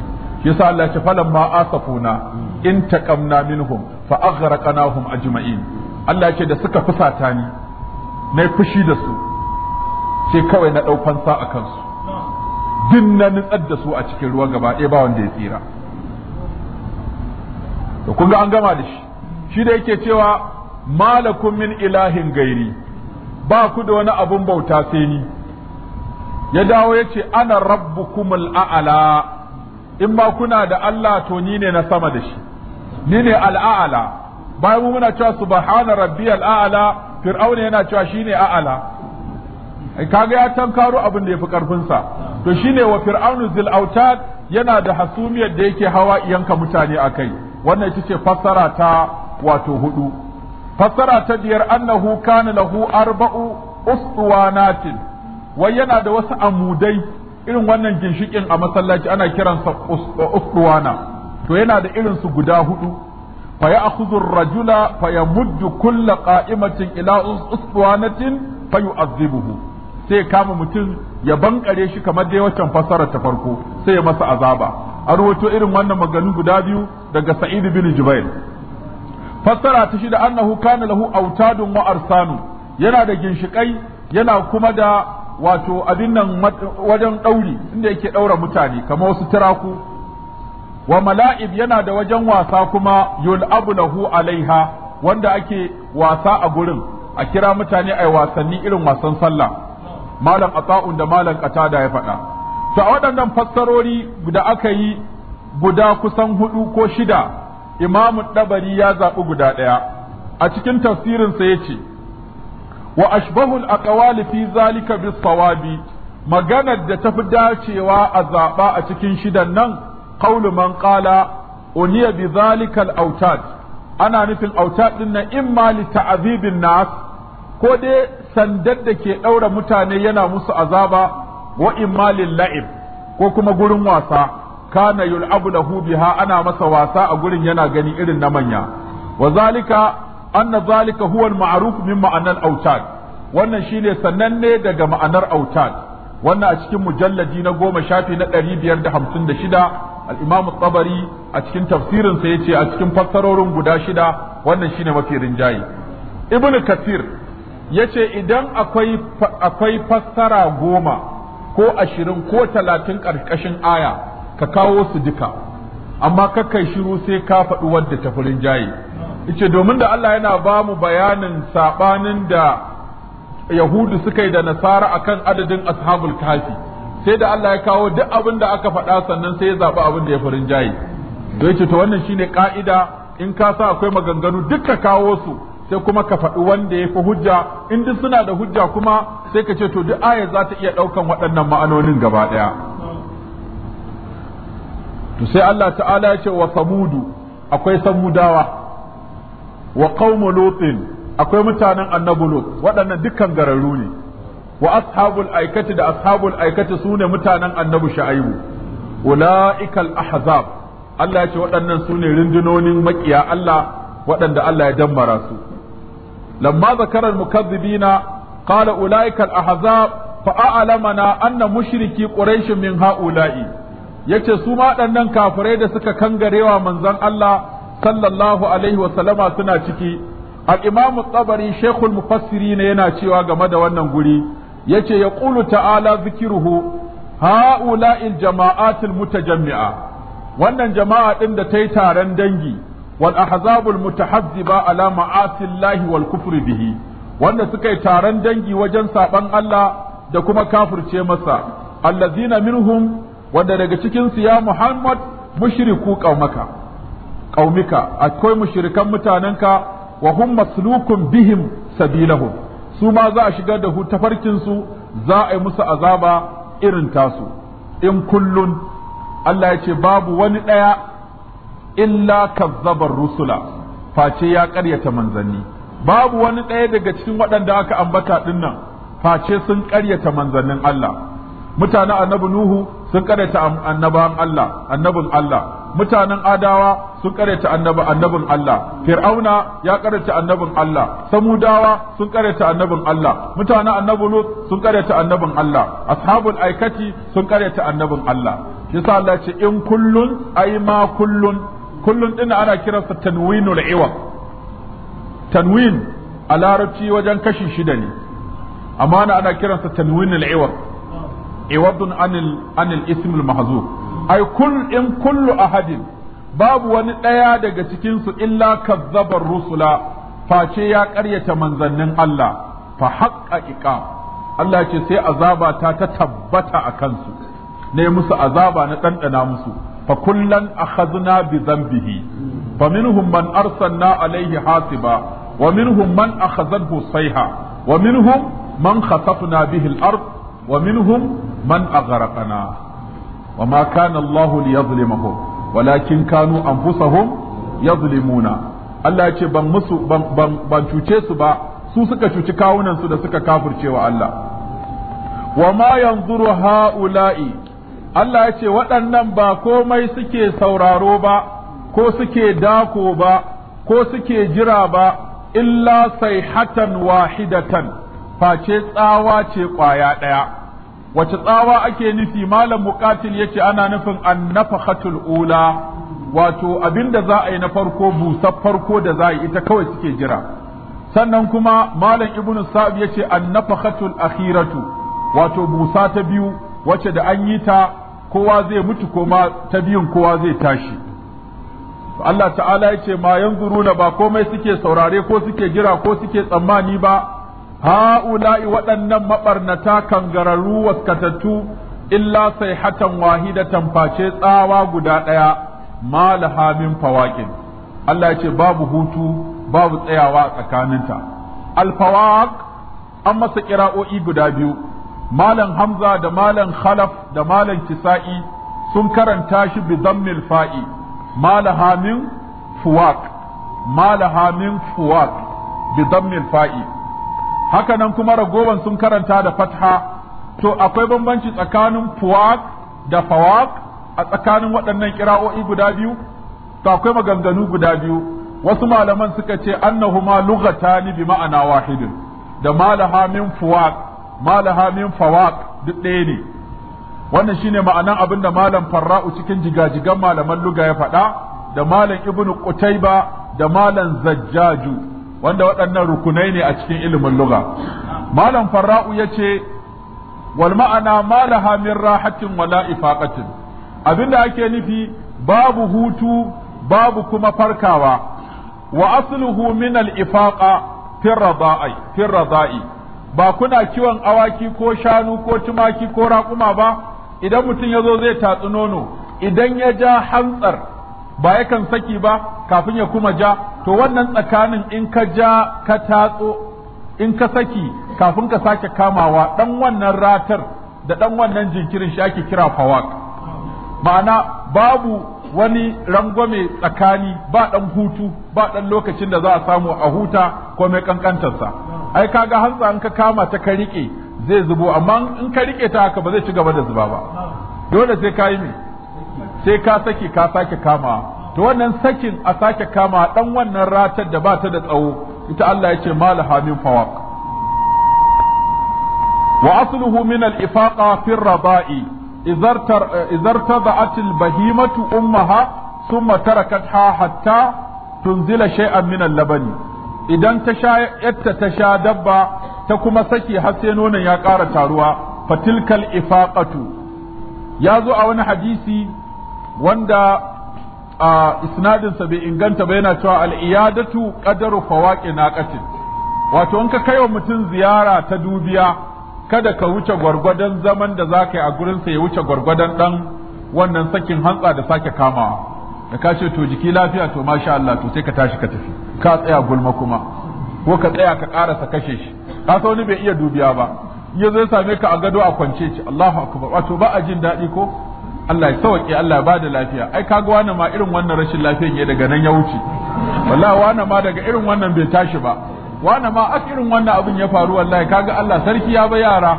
yasa Allah ya ce ma asafuna in taqamna minhum fa aghraqnahum ajma'in Allah ya ce da suka fusata ni na fushi da su sai kawai na ɗau fansa a kansu din na nitsar da su a cikin ruwa gaba ɗaya ba wanda ya tsira to kun ga an gama da shi shi da yake cewa malakum min ilahin gairi ba ku da wani abun bauta sai ni ya dawo ya ce ana rabbukumul a'ala in ma kuna da Allah to ni ne na sama da shi ni ne al'a'ala bayan muna cewa subhana rabbiyal a'ala fir'auna yana cewa shine a'ala kaga ya tankaro abin da ya fi sa to shine wa fir'aunu zil autad yana da hasumiyar da yake hawa iyanka mutane akai wannan ita ce fassara ta wato hudu fassara ta biyar annahu kana lahu arba'u uswanatin wai yana da wasu amudai irin wannan ginshikin a masallaci ana kiransa ufduwana to yana da irin su guda hudu fa ya'khudhu ar-rajula fa yamuddu kulla qa'imatin ila usduwanatin fa yu'adhibuhu sai kama mutum ya bankare shi kamar dai waccan fasara ta farko sai ya masa azaba a rawato irin wannan maganu guda biyu daga sa'id bin jubair fassara ta shida annahu kana lahu autadun wa arsanu yana da ginshikai yana kuma da wato abin nan wajen ɗauri inda yake ɗaura mutane kamar wasu turaku wa mala'ib yana da wajen wasa kuma yul'abu lahu alaiha wanda ake wasa a gurin a kira mutane a wasanni irin wasan sallah malam ata'un da malam qatada ya faɗa to a waɗannan fassarori da aka yi guda kusan hudu ko shida imamu dabari ya zaɓi guda ɗaya a cikin tafsirinsa ya ce wa ashbahul aqwali fi zalika bisawabi maganar da tafi dacewa a zaɓa a cikin shidan nan qaulu man qala uniya bi zalika al-autad ana nufin autad din na imma li nas ko dai sandar da ke ɗaura mutane yana musu azaba wa imma lil la'ib ko kuma gurin wasa kana yul'abu lahu biha ana masa wasa a gurin yana gani irin na manya wa zalika anna zalika huwa al-ma'ruf min ma'anar autad wannan shine sananne daga ma'anar autad wannan a cikin mujalladi na goma shafi na ɗari da hamsin shida al-imam tabari a cikin tafsirinsa ya ce a cikin fassarorin guda shida wannan shine mafi rinjaye ibnu Kathir ya ce idan akwai akwai fassara goma ko ashirin ko talatin karkashin aya ka kawo su duka amma kakai shiru sai ka faɗi wadda ta fi rinjaye yace domin da Allah yana ba mu bayanin sabanin da yahudu suka yi da nasara akan adadin ashabul kafi sai da Allah ya kawo duk abin da aka faɗa sannan sai ya zaɓi abin da ya farin jayi to yace to wannan shine ka'ida in ka sa akwai maganganu duka kawo su sai kuma ka faɗi wanda ya fi hujja in duk suna da hujja kuma sai ka ce to duk ayar za ta iya ɗaukan waɗannan ma'anonin gaba ɗaya to sai Allah ta'ala ya ce wa samudu akwai samudawa wa qaumu lutin akwai mutanen annabi lut waɗannan dukkan gararru ne wa ashabul aikati da ashabul aikati sune mutanen annabi shu'aibu ulaikal ahzab Allah ya ce waɗannan sune rundunonin makiya Allah waɗanda Allah ya dammara su lamma zakara al-mukaththibina qala ulaikal ahzab fa a'lamana anna mushriki quraish min ha'ula'i yace su ma waɗannan kafirai da suka kangarewa manzon Allah sallallahu alaihi wasallama suna ciki al Tsabari tabari shaykhul mufassiri ne yana cewa game da wannan guri ya ce ya ƙulu ta'ala zikiruhu ha'ula'il jama'atul jami'a. wannan jama'a ɗin da ta yi taron dangi wal ahzabul mutahazziba ala ma'asillahi wal kufri bihi wanda suka yi taron dangi wajen saban Allah da kuma kafirce masa allazina minhum wanda daga cikin su ya Muhammad mushriku qaumaka Ƙaumika, akwai mushrikan mutanenka wa hum maslukun bihim sabilahum su ma za a shigar da hu tafarkin su za a yi musu azaba irin tasu in kullun Allah ya ce babu wani ɗaya illa kazzabar rusula face ya ƙaryata manzanni babu wani ɗaya daga cikin waɗanda aka ambata ɗinnan face sun ƙaryata manzannin Allah mutanen annabi nuhu sun karanta annaban Allah annabin Allah mutanen adawa sun karanta annaba annabin Allah fir'auna ya karanta annabin Allah samudawa sun karanta annabin Allah mutanen annabi lut sun karanta annabin Allah ashabul aikati sun karanta annabin Allah yasa Allah ce in kullun ai ma kullun kullun din ana kiransa tanwinul iwa tanwin a larabci wajen kashi shida ne amma ana kiransa tanwinul iwa iwadun anil ismil mahzuf ai kull in kullu ahadin babu wani ɗaya daga cikin su illa kazzabar rusula face ya ƙaryata manzannin Allah fa haqqa iqam Allah ce sai azaba ta ta tabbata a kansu ne musu azaba na ɗanɗana musu fa kullan akhadna bi dhanbihi fa minhum man arsalna alaihi hasiba wa minhum man akhadhathu sayha wa minhum man khasafna bihi al-ard wa minhum man aghraqana wa ma kana Allahu liyazlimahum walakin kanu anfusahum yazlimuna Allah ya ce ban musu ban cuce su ba su suka cuci kawunan su da suka kafircewa Allah wa ma yanzuru haula'i Allah ya ce waɗannan ba komai suke sauraro ba ko suke dako ba ko suke jira ba illa sai hatan wahidatan face tsawa ce ƙwaya ɗaya wace tsawa ake nufi malam muqatil yace ana nufin annafakhatul ula wato abinda za a yi na farko busar farko da za a yi ita kawai suke jira sannan kuma malam ibnu sa'ib yace annafakhatul akhiratu wato busa ta biyu wace da an yi ta kowa zai mutu ma ta biyun kowa zai tashi Allah ta'ala yace ma yanzuruna ba komai suke saurare ko suke jira ko suke tsammani ba ha'ula'i waɗannan maɓarnata kangararru waskatattu illa sai hatan wahidatan face tsawa guda ɗaya ma min fawaƙin Allah ya ce babu hutu babu tsayawa tsakaninta. al alfawaq an masa kira'o'i guda biyu malam hamza da malam khalaf da malam kisa'i sun karanta shi bi zammil fa'i malaha min fuwaq malaha min bi fa'i haka nan kuma ragowan sun karanta da fatha to akwai bambanci tsakanin fuwaq da fawak a tsakanin waɗannan kira'o'i guda biyu to akwai maganganu guda biyu wasu malaman suka ce annahuma lughatani bi ma'ana wahidin da malaha min fuwaq malaha min fawak duk ɗaya ne wannan shine ma'anan abin da malam farra'u cikin jigajigan malaman luga ya faɗa da malam ibnu qutayba da malam zajjaju wanda waɗannan rukunai ne a cikin ilimin lugha malam farra'u yace wal ma'ana ma laha min rahatin wala ifaqatin abinda ake nufi babu hutu babu kuma farkawa wa asluhu min al ifaqa fi radai fi ba kuna kiwon awaki ko shanu ko tumaki ko raƙuma ba idan mutum ya zo zai tatsi nono idan ya ja hantsar ba yakan saki ba kafin ya kuma ja to wannan tsakanin in ka ja ka tatso in ka saki kafin ka sake kamawa dan wannan ratar da dan wannan jinkirin shi ake kira fawak ma'ana babu wani rangwame tsakani ba dan hutu ba dan lokacin da za a samu a huta ko mai kankantarsa ai kaga hantsa in ka kama ta ka rike zai zubo amma in ka rike ta haka ba zai ci gaba da zuba ba dole sai ka yi sai ka saki ka sake kama to wannan sakin a sake kama dan wannan ratar da ba ta da tsawo ita Allah ya ce malaha min fawaq wa asluhu min al ifaqa fi rabai izartada'at al bahimatu ummaha thumma tarakatha hatta tunzila shay'an min al labani idan ta sha yatta ta sha dabba ta kuma saki har sai nonon ya ƙara taruwa fatilkal ifaqatu ya zo a wani hadisi wanda a isnadinsa bai inganta ba yana cewa al'iyadatu qadaru fawaqi naqatin wato in ka kai wa mutum ziyara ta dubiya kada ka wuce gwargwadon zaman da zaka yi a gurin ya wuce gwargwadon dan wannan sakin hantsa da sake kamawa da ka ce to jiki lafiya to masha Allah to sai ka tashi ka tafi ka tsaya gulma kuma ko ka tsaya ka karasa kashe shi ka wani bai iya dubiya ba ya same ka a gado a kwance ce Allahu akbar wato ba a jin daɗi ko Allah ya sauke Allah ya bada lafiya ai kaga wani ma irin wannan rashin lafiyar ya daga nan ya wuce wallahi wani ma daga irin wannan bai tashi ba wani ma ak irin wannan abin ya faru wallahi kaga Allah sarki ya ba yara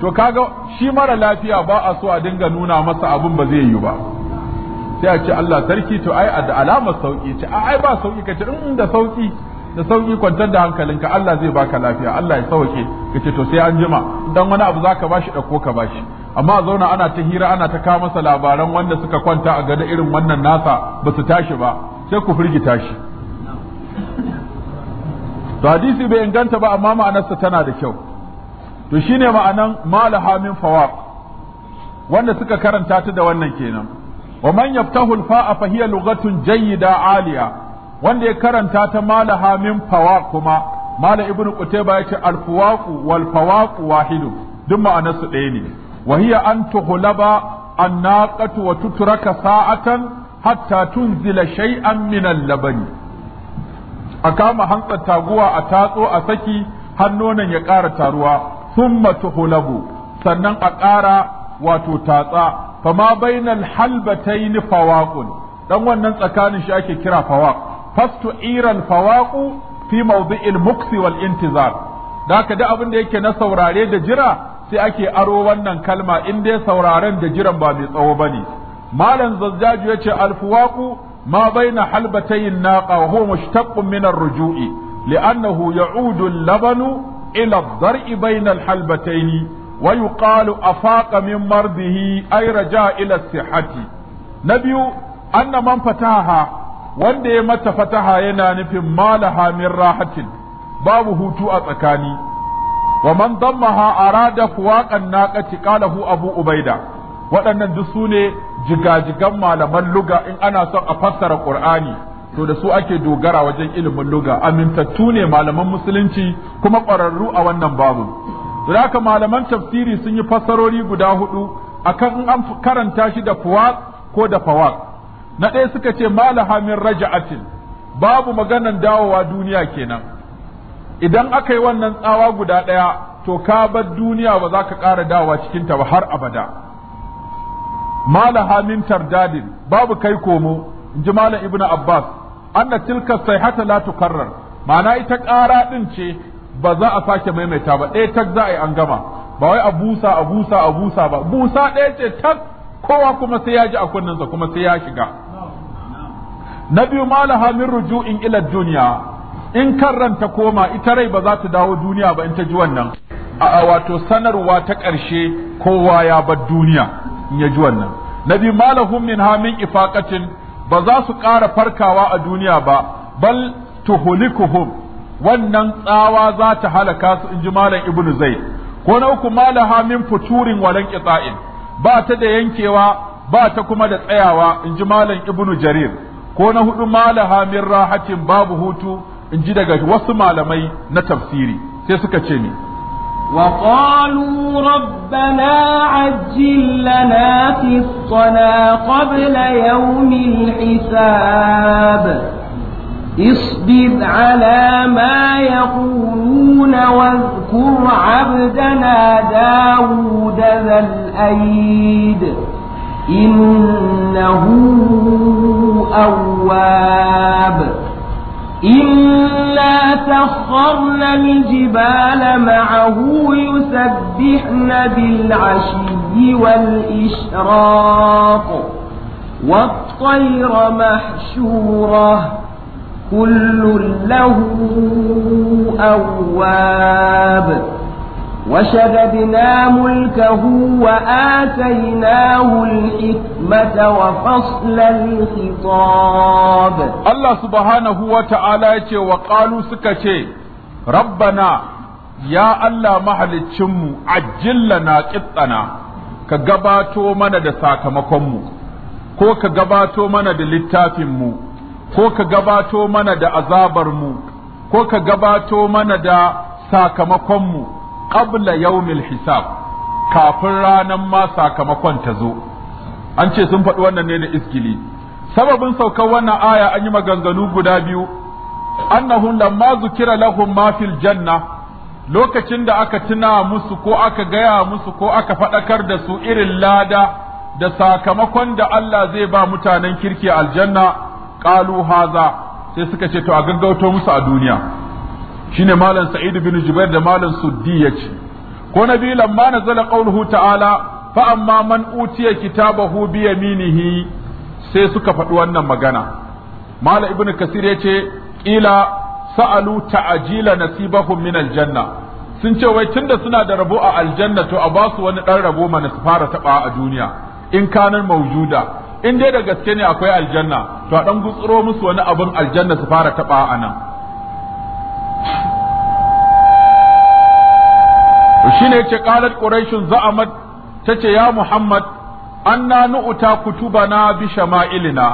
to kaga shi mara lafiya ba a so a dinga nuna masa abin ba zai yi ba sai a ce Allah sarki to ai da alamar sauki ce ai ba sauki kace in da sauki da sauki kwantar da hankalinka Allah zai baka lafiya Allah ya sauke kace to sai an jima dan wani abu zaka bashi da ko ka bashi amma a zauna ana ta hira ana ta kawo masa labaran wanda suka kwanta a gada irin wannan nasa ba su tashi ba sai ku firgita shi to hadisi bai inganta ba amma ma'anarsa tana da kyau to shine ma'anan malaha min fawaq wanda suka karanta ta da wannan kenan wa man yaftahu al-fa'a fa hiya lughatun jayyida aliya wanda ya karanta ta malaha min fawaq kuma Malam ibnu qutayba yace al-fawaq wal wahidu duk su ɗaya ne wa hiya an tuhlaba annaqatu wa tutraka sa'atan hatta tunzila shay'an min al-labani a kama hantsar taguwa a tatso a saki hannonan ya ƙara taruwa thumma tuhlabu sannan a ƙara wato tatsa fama bainal halbatayn fawaqun dan wannan tsakanin shi ake kira fawaq fastu iral fi mawdi'il muksi wal intizar da haka da abin da yake na saurare da jira sai ake aro wannan kalma in dai sauraren da jiran ba mai tsawo ba ne malam zazzaju ya ce alfuwaku ma baina halbatayin naqa wa huwa mushtaqqun min ar-ruju'i li'annahu ya'udu al-labanu ila ad-dar'i baina al-halbatayn wa yuqalu afaqa min mardihi ay raja ila sihhati nabiyu anna man fataha wanda ya mata fataha yana nufin malaha min rahatin babu hutu a tsakani wa man dammaha arada fuwaqan naqati qalahu abu ubaida waɗannan duk su ne jigajigan malaman luga in ana son a fassara qur'ani to da su ake dogara wajen ilimin luga amintattu ne malaman musulunci kuma ƙwararru a wannan babu to haka malaman tafsiri sun yi fassarori guda hudu akan in an karanta shi da fuwaq ko da fawaq na ɗaya suka ce malaha min raja'atin babu maganan dawowa duniya kenan idan aka yi wannan tsawa guda ɗaya to ka bar duniya ba za ka ƙara dawa cikinta ba har abada malaha min tardadin babu kai komo in ji malam ibnu abbas anna tilka sayhata la tukarrar ma'ana ita ƙara ɗin ce ba za a sake maimaita ba ɗaya tak za a yi an gama ba wai a busa a busa a busa ba busa ɗaya ce tak kowa kuma sai ya ji a kunninsa kuma sai ya shiga na biyu malaha min ruju'in ila duniya in kan koma ita rai ba za ta dawo duniya ba in ta ji wannan a wato sanarwa ta ƙarshe kowa ya bar duniya in ya ji wannan na biyu malahum min hamin ifaqatin ba za su ƙara farkawa a duniya ba bal tuhulikuhum wannan tsawa za ta halaka su in ji malam ibnu Zai, ko na uku malaha min futurin walan qita'in ba ta da yankewa ba ta kuma da tsayawa in ji malam ibnu jarir ko na hudu malaha min rahatin babu hutu in ji daga wasu malamai na tafsiri sai suka ce ni وقالوا ربنا عجل لنا قسطنا قبل يوم الحساب اصبر على ما يقولون واذكر عبدنا داود ذا الأيد إنه أواب إنا سخرنا الجبال معه يسبحن بالعشي والإشراق والطير محشورة كل له أواب وشددنا ملكه وآتيناه الحكمة وفصل الخطاب الله سبحانه وتعالى وقالوا سكتي ربنا يا الله محل تشمو لنا قطنا كقباتو من دساك مكمو ko ka gabato mana da littafinmu ko ka gabato mana da azabarmu ko ka gabato mana da sakamakonmu qabla yawmil hisab kafin ranan ma sakamakon ta zo an ce sun faɗi wannan ne da iskili sababin saukar wannan aya an yi maganganu guda biyu annahum lamma zukira lahum ma fil janna lokacin da aka tuna musu ko aka gaya musu ko aka faɗakar da su irin lada da sakamakon da Allah zai ba mutanen kirki aljanna qalu haza sai suka ce to a gaggauto musu a duniya shine malam Sa'idu bin jubair da malam suddi yace ko nabi lamma nazala qawluhu ta'ala fa amma man utiya kitabahu bi yaminihi sai suka faɗi wannan magana malam ibnu kasir yace kila sa'alu ta'jila nasibahum min aljanna sun ce wai tunda suna da rabo a aljanna to a basu wani ɗan rabo mana su fara taɓa a duniya in kanan maujuda in dai da gaske ne akwai aljanna to a dan gutsuro musu wani abin aljanna su fara taɓa a nan shine yace qalat quraish za'amat tace ya muhammad anna nu'ta kutubana bi shama'ilina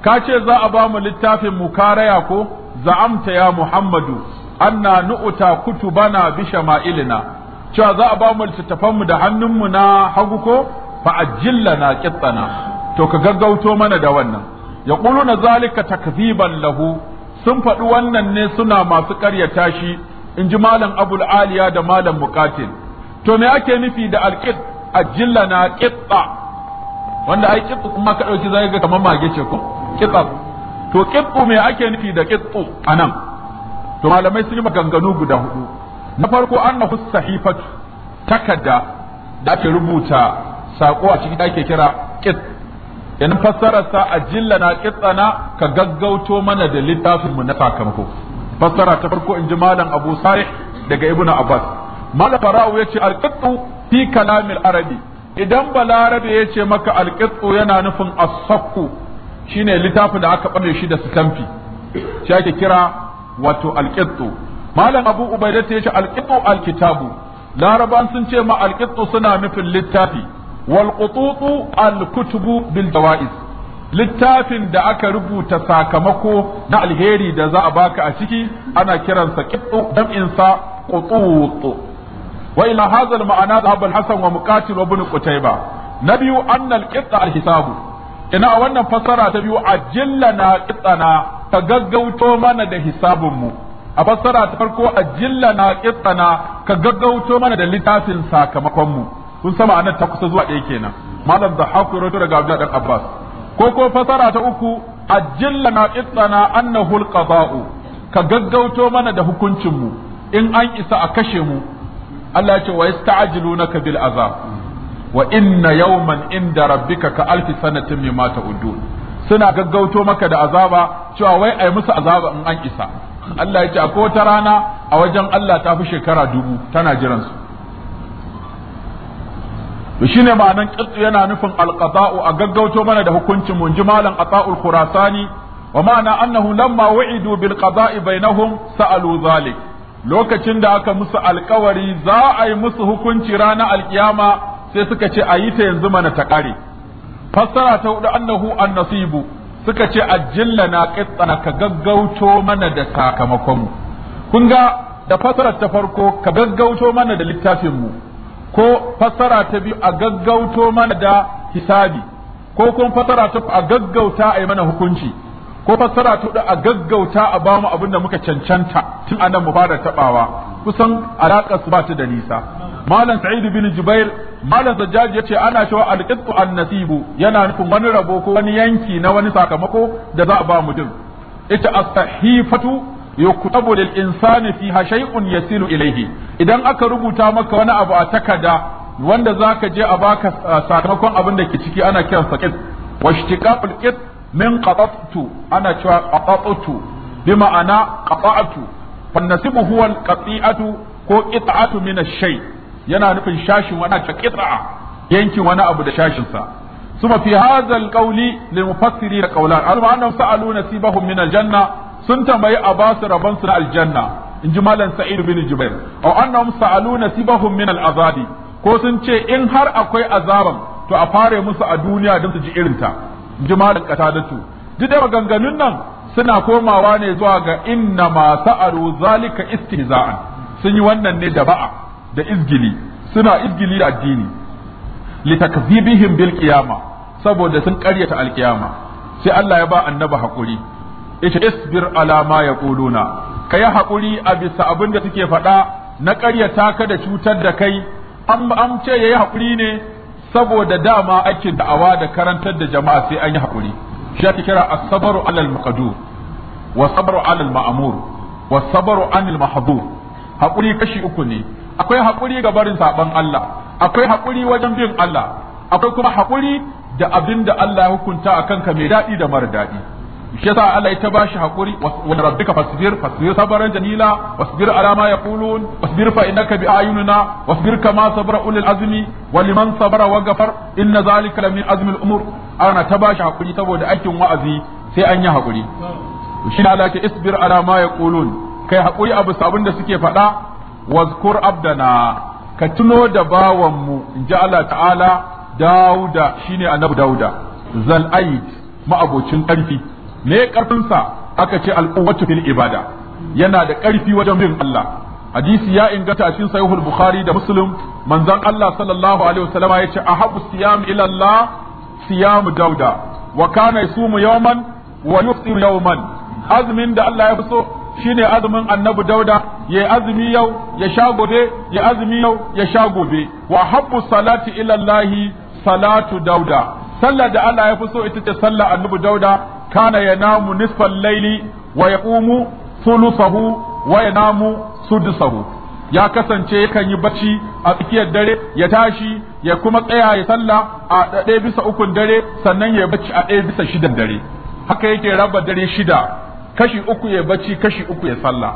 ka ce za a ba mu littafin mu karaya ko za'amta ya muhammadu anna nu'ta kutubana bi shama'ilina cewa za a ba mu littafan mu da hannunmu na hagu ko fa na qitsana to ka gaggauto mana da wannan yaquluna zalika takziban lahu sun faɗi wannan ne suna masu ƙaryata shi in ji malam abul aliya da malam mukatil to me ake nufi da alqit ajilla na qitta wanda ai qittu kuma ka dauki zai ga kamar mage ce ko qitta to qittu me ake nufi da qittu anan to malamai sun yi maganganu guda hudu na farko annahu sahifat takadda da ake rubuta sako a cikin ake kira qit in sa ajilla na na ka gaggauto mana da littafin mu na sakamako fassara ta farko in ji malam abu salih daga ibn abbas malam fara'u yace alqittu fi kalamil arabi idan balarabe yace maka alqittu yana nufin as-sakku shine littafin da aka bane shi da sitamfi shi ake kira wato alqittu malam abu ubaidata yace alqittu alkitabu laraban sun ce ma alqittu suna nufin littafi wal qututu al kutubu bil jawaiz littafin da aka rubuta sakamako na alheri da za a baka a ciki ana kiransa kitso jam'insa qutut wa ila hadha al-ma'ana da abul hasan wa muqatil wa ibn qutayba na biyu anna al-qitta al-hisabu ina wannan fasara ta biyu ajillana qitana ka gaggauto mana da hisabun mu a fassara ta farko ajillana qitana ka gaggauto mana da littafin sakamakon mu kun sama anan ta kusa zuwa ɗaya kenan malam da haku da daga Abdullah dan Abbas ko ko fasara ta uku ajilla na itsana annahu alqada'u ka gaggauto mana da hukuncin mu in an isa a kashe mu Allah ya ce wa yasta'jilunaka bil azab wa inna yawman inda rabbika ka alfi sanatin mimma ta'udun suna gaggauto maka da azaba cewa wai ai musu azaba in an isa Allah ya ce ko ta rana a wajen Allah ta fi shekara dubu tana jiran su. to shine ma'anan qittu yana nufin alqada'u a gaggauto mana da hukuncin mun ji malam ata'ul khurasani wa ma'ana annahu lamma wa'idu bil qada'i bainahum sa'alu zalik lokacin da aka musu alkawari za a yi musu hukunci ranar alkiyama sai suka ce a yi ta yanzu mana ta kare fassara ta hudu annahu annasibu suka ce na qitsana ka gaggauto mana da sakamakon kunga kun ga da fassarar ta farko ka gaggauto mana da littafin mu ko fassara ta biyu a gaggauto mana da hisabi ko kuma fassara ta a gaggauta a yi mana hukunci ko fassara ta a gaggauta a bamu abin da muka cancanta tun a nan mu fara tabawa kusan alaƙar su ba ta da nisa malam Sa'idu bin jubair malam sajjaji ce ana cewa alqittu an-nasibu yana nufin wani rabo ko wani yanki na wani sakamako da za a ba mutum ita as-sahifatu yuktabu lil insani fiha shay'un yasilu ilayhi idan aka rubuta maka wani abu a takarda wanda zaka je a baka sakamakon abin da ke ciki ana kiran sa qit washtiqaqul qit min qatatu ana cewa qatatu bi ma'ana qata'tu fannasibu huwa al qati'atu ko qit'atu min ash-shay yana nufin shashin wani ta qit'a yankin wani abu da shashin sa ثم في mufassiri القول للمفسرين قولان أنهم سألوا نسيبهم mina janna. sun tambayi a ba su na aljanna in ji malam sa'id bin jubair aw annahum sa'alu Sibahun min al'azadi. ko sun ce in har akwai azaban to a fara musu a duniya don su ji irin ta. in ji malam su duk da maganganun nan suna komawa ne zuwa ga inna ma sa'aru zalika istihza'an sun yi wannan ne da ba'a da izgili suna izgili da addini litakzibihim bil qiyama saboda sun karyata alkiyama sai Allah ya ba annabi hakuri ita isbir ala ma yaquluna kai hakuri a bisa abin da suke faɗa na ƙaryata ka da cutar da kai an an ce yayi hakuri ne saboda dama ake da'awa da karantar da jama'a sai an yi hakuri shi ake kira as-sabru alal maqdu wa sabru alal mamur wa sabru anil hakuri kashi uku ne akwai hakuri ga barin saban Allah akwai hakuri wajen bin Allah akwai kuma hakuri da abinda Allah ya hukunta akan ka mai daɗi da mara daɗi shi yasa Allah ya ta bashi hakuri wa rabbika fasbir fasbir sabaran jamila wasbir ala ma yaqulun wasbir fa innaka bi ayunina wasbir kama sabara ulul azmi wa liman sabara wa ghafar inna zalika la min azmi al umur ana ta bashi hakuri saboda aikin wa'azi sai an yi hakuri shi Allah ke isbir ala ma yaqulun kai hakuri abu sabun da suke faɗa wazkur abdana ka tuno da bawanmu in ji Allah ta'ala dauda shine annabi dauda zal aid ma'abocin karfi me karfinsa aka ce al'ummatu fil ibada yana da ƙarfi wajen bin Allah hadisi ya inganta a cikin sahihul bukhari da muslim manzon Allah sallallahu alaihi wasallam ya ce ahabu siyam ila Allah siyamu dauda wa kana yasumu yawman wa yuftiru yawman azumin da Allah ya fi so shine azumin annabi dauda ya azumi yau ya sha gobe ya azumi yau ya sha gobe wa habbu salati ila Allah salatu dauda sallar da Allah ya fi so ita ce sallar annabi dauda kana ya yanamu nisfal laili wa yaqumu thuluthahu wa yanamu sudusahu ya kasance yakan yi barci a tsakiyar dare ya tashi ya kuma tsaya ya sallah a ɗaya bisa ukun dare sannan ya bacci a ɗaya bisa shidan dare haka yake raba dare shida kashi uku ya bacci kashi uku ya sallah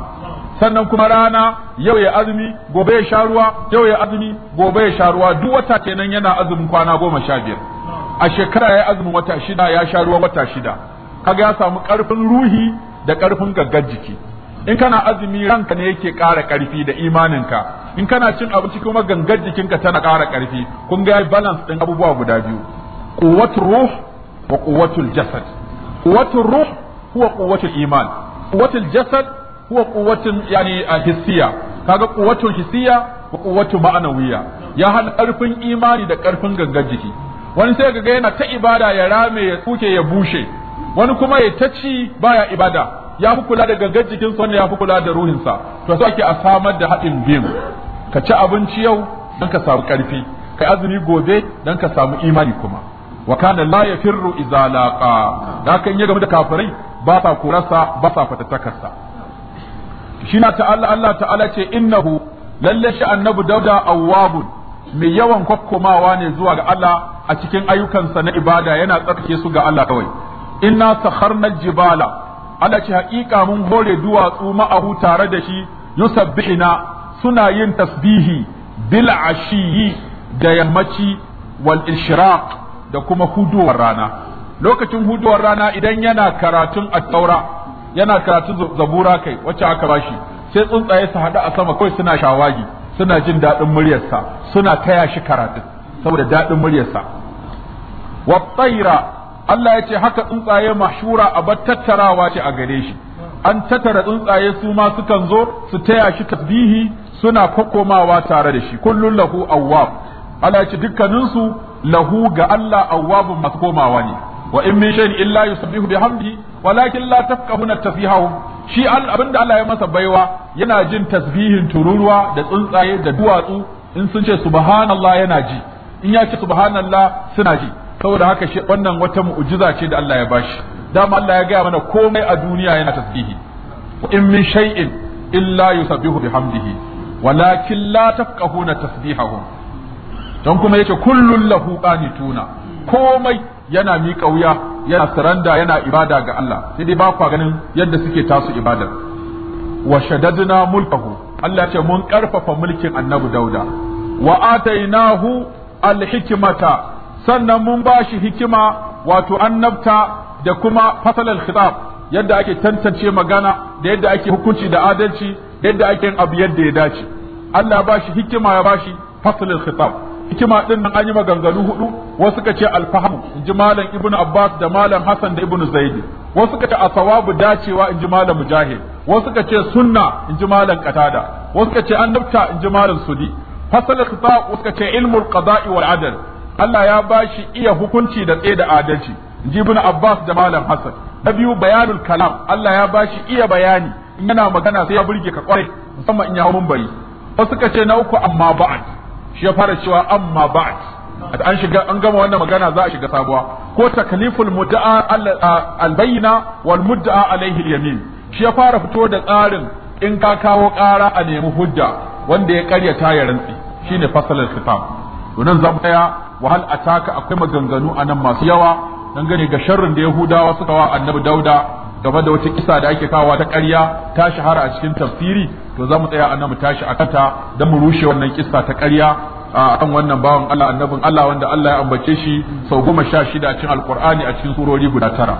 sannan kuma rana yau ya azumi gobe ya sha ruwa yau ya azumi gobe ya sha ruwa duk wata kenan yana azumin kwana goma sha biyar a shekara ya azumin wata shida ya sha ruwa wata shida kaga ya samu ƙarfin ruhi da ƙarfin gaggar jiki in kana azumi ranka ne yake ƙara ƙarfi da imaninka in kana cin abinci kuma gangar jikinka tana ƙara ƙarfi kun ga balance ɗin abubuwa guda biyu quwwatul ruh wa quwwatul jasad quwwatul ruh huwa quwwatul iman quwwatul jasad huwa quwwatun yani hissiya kaga quwwatul hissiya wa quwwatul ma'anawiyya ya hada ƙarfin imani da ƙarfin gangar jiki wani sai ga yana ta ibada ya rame ya tsuke ya bushe wani kuma ya ta ci baya ibada ya fi kula da gangar jikin sa ya fi kula da ruhinsa to so ake a samar da haɗin biyun ka ci abinci yau don ka samu ƙarfi ka azumi gobe don ka samu imani kuma wa kana la yafirru idza laqa da kan ya game da kafirai ba sa kurasa ba sa fatatakarsa shi na ta'ala Allah ta'ala ce innahu lalle shi annabu dauda awwabun mai yawan kokkomawa ne zuwa ga Allah a cikin ayyukansa na ibada yana tsarkake su ga Allah kawai inna sakharna jibala Ana ce haƙiƙa mun hore duwatsu ma'ahu tare da shi yusabbihina suna yin tasbihi bil ashiyi da yammaci wal ishraq da kuma huduwar rana lokacin huduwar rana idan yana karatun at-taura yana karatun zabura kai wacce aka bashi sai tsuntsaye su hada a sama kai suna shawagi suna jin daɗin muryarsa suna taya shi karatun saboda daɗin muryarsa wa tsaira Allah ya ce haka tsuntsaye mashura a bar tattarawa ce a gare shi an tattara tsuntsaye su ma sukan zo su taya shi tasbihi suna kokomawa tare da shi kullun lahu awwab Allah ya ce dukkaninsu lahu ga Allah awwabun masu komawa ne wa in min shay'in illa yusabbihu bihamdi walakin la tafqahuna tasbihahum shi abinda Allah ya masa baiwa yana jin tasbihin tururuwa da tsuntsaye da duwatsu in sun ce subhanallah yana ji in ya ce subhanallah suna ji saboda haka shi wannan wata mu'jiza ce da Allah ya bashi dama Allah ya gaya mana komai a duniya yana tasbihi in min shay'in illa yusabbihu bihamdihi walakin la tafqahuna tasbihahum don kuma yake kullun lahu qanituna komai yana miƙa wuya yana saranda yana ibada ga Allah sai dai ba kwa ganin yadda suke tasu ibadar wa shadadna mulkahu Allah ce mun karfafa mulkin annabi dauda wa atainahu alhikmata sannan mun ba shi hikima wato annabta da kuma fasalal khitab yadda ake tantance magana da yadda ake hukunci da adalci da yadda ake abu yadda ya dace Allah ba shi hikima ya ba shi fasalal khitab hikima din nan an yi maganganu hudu wasu suka ce alfaham in ji malam ibn abbas da malam hasan da ibn zaidi wasu suka ce asawabu dacewa in ji malam mujahid wasu suka ce sunna in ji malam qatada wasu suka ce annabta in ji malam sudi fasal khitab wasu suka ce ilmul qada'i wal adl Allah ya bashi iya hukunci da tsaye da adalci inji ibn Abbas da Malam Hassan na biyu bayanul kalam Allah ya bashi iya bayani in yana magana sai ya burge ka kwarai musamman in ya hau bari wasu suka ce na uku amma ba'ad shi ya fara cewa amma ba'ad an shiga an gama wannan magana za a shiga sabuwa ko takliful mudda'a albayna wal mudda'a alayhi al-yamin shi ya fara fito da tsarin in ka kawo ƙara a nemi hujja wanda ya karya ya rantsi shine fasalul kitab to nan zamu tsaya wa hal taka akwai maganganu nan masu yawa dangane ga sharrin da yahudawa suka wa annabi dauda game da wata kisa da ake kawa ta ƙarya ta shahara a cikin tafsiri to za mu tsaya a nan mu tashi a kanta don mu rushe wannan kisa ta ƙarya a kan wannan bawan Allah annabin Allah wanda Allah ya ambace shi sau goma sha shida a cikin alkur'ani a cikin surori guda tara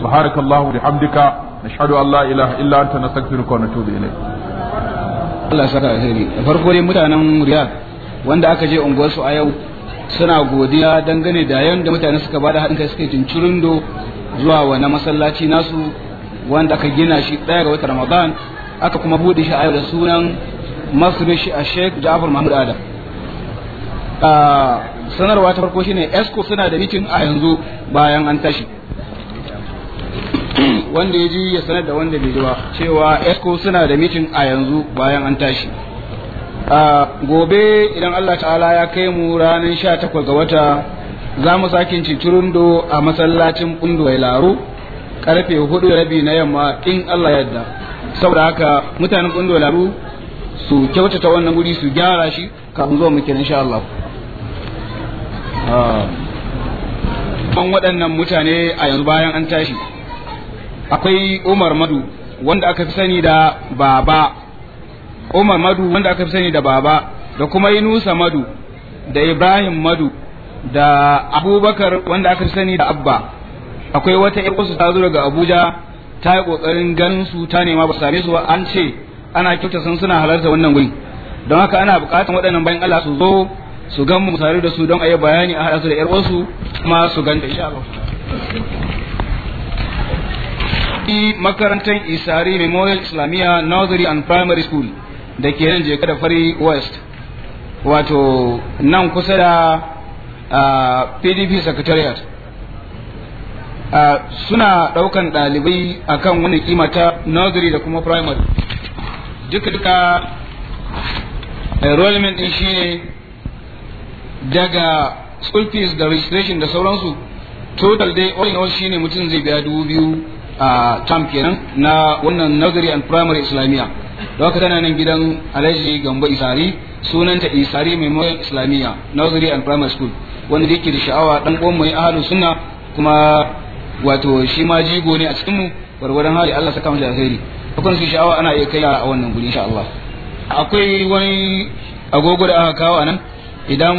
subhanakallahu bihamdika nashhadu an la ilaha illa anta nastaghfiruka wa natubu ilayk Allah saka alheri farko dai mutanen Riyadh wanda aka je unguwar su a yau suna godiya dangane da yadda mutane suka bada haɗin kai suka yi do zuwa wani masallaci nasu wanda aka gina shi ɗaya ga wata ramadan aka kuma buɗe shi a da sunan shi a sheik ja'afar mahmud adam sanarwa ta farko shine esco suna da mitin a yanzu bayan an tashi wanda ya ji ya sanar da wanda bai ji ba cewa esco suna da mitin a yanzu bayan an tashi gobe idan Allah ta'ala ya kai mu ranar 18 ga wata za mu sakin cicirundo a masallacin kundwai laro karfe hudu rabi na yamma in Allah yadda saboda haka mutanen kundwai laro su kyautata wannan guri su gyara shi kafin zuwa muke insha Allah an waɗannan mutane a yanzu bayan an tashi akwai Umar Madu wanda aka fi sani da baba Umar Madu wanda aka fi sani da baba da kuma Yunusa Madu da Ibrahim Madu da Abubakar wanda aka fi sani da Abba akwai wata ƴar su ta zo daga Abuja ta yi kokarin ganin su ta nema ba same su ba an ce ana kyauta sun suna halarta wannan gurin don haka ana buƙatar waɗannan bayan Allah su zo su gan mu tare da su don a yi bayani a haɗa su da ƴar wasu kuma su ganta insha Allah makarantar Isari Memorial Islamiyya Nursery and Primary School da ke nan jeka da fari west wato nan kusa da pdp secretariat suna daukan dalibai akan wani kima ta nursery da kuma primary duka duka enrollment din shine daga school fees da registration da sauransu total dai all in all shine mutum zai biya dubu biyu a tam kenan na wannan nursery and primary islamiyya don haka tana nan gidan alhaji gambo isari sunanta isari mai mai islamiyya nursery and primary school wanda yake da sha'awa dan uwan mai ahlus sunna kuma wato shi ma jigo ne a cikin mu gwargwadon hali Allah saka mu da alheri akwai su sha'awa ana iya kai a wannan guri insha Allah akwai wani agogo da aka kawo anan idan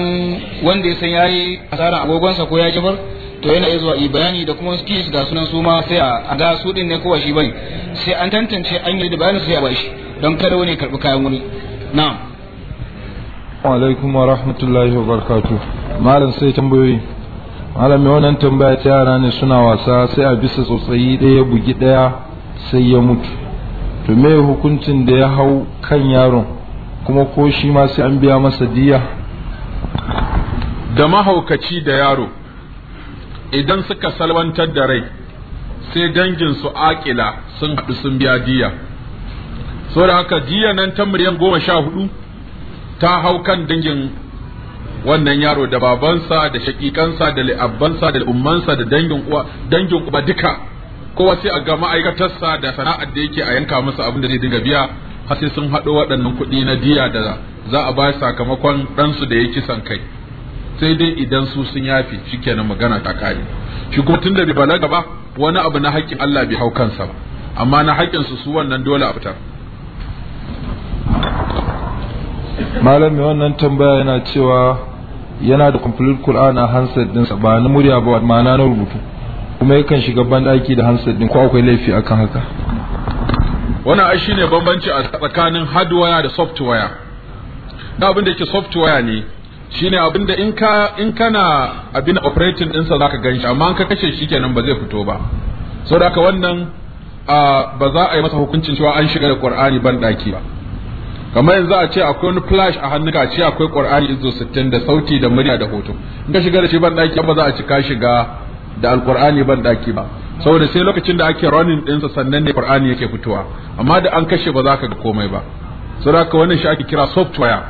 wanda ya san yayi asaran agogonsa ko ya jibar to yana zuwa yi bayani da kuma skills ga sunan su ma sai a ga su din ne kowa shi bane sai an tantance an yi da bayanin sai a bashi don kada wani karbi kayan wani na'am alaikum wa rahmatullahi wa barakatu malam sai tambayoyi malam wannan tambaya ta yara ne suna wasa sai a bisa tsotsayi ɗaya bugi ɗaya sai ya mutu to me hukuncin da ya hau kan yaron kuma ko shi ma sai an biya masa diya da mahaukaci da yaro idan suka salwantar da rai sai dangin su akila sun haɗu sun biya diya so da haka jiya nan ta miliyan goma sha hudu ta hau kan dangin wannan yaro da babansa da shakikansa da li'abbansa da ummansa da dangin uwa dangin uba duka kowa sai a ga ma'aikatarsa da sana'ar da yake a yanka masa abin da zai dinga biya har sai sun haɗo waɗannan kuɗi na diya da za a ba sakamakon ɗansu da ya kisan kai sai dai idan su sun yafi shikenan magana ta kare shi kuma tun da bai balaga ba wani abu na haƙƙin Allah bai hau kansa ba amma na haƙƙinsu su su wannan dole a fitar malam mai wannan tambaya yana cewa yana da complete Qur'an a handset din ba na murya ba ma'ana na rubutu kuma yakan shiga banɗaki da handset din ko akwai laifi akan haka wannan ai shine bambanci a tsakanin hardware da software da abin da yake software ne shine abin da in ka in kana abin operating ɗinsa zaka ganshi amma in ka kashe shi kenan ba zai fito ba saboda haka wannan ba za a yi masa hukuncin cewa an shiga da Qur'ani ban daki ba kamar yanzu a ce akwai wani flash a hannu a ce akwai qur'ani izo 60 da sauti da murya da hoto in ka shiga da shi ban daki ba za a cika shiga da alqur'ani ban daki ba saboda sai lokacin da ake running sa sannan ne qur'ani yake fitowa amma da an kashe ba za ka ga komai ba saboda wannan shi ake kira software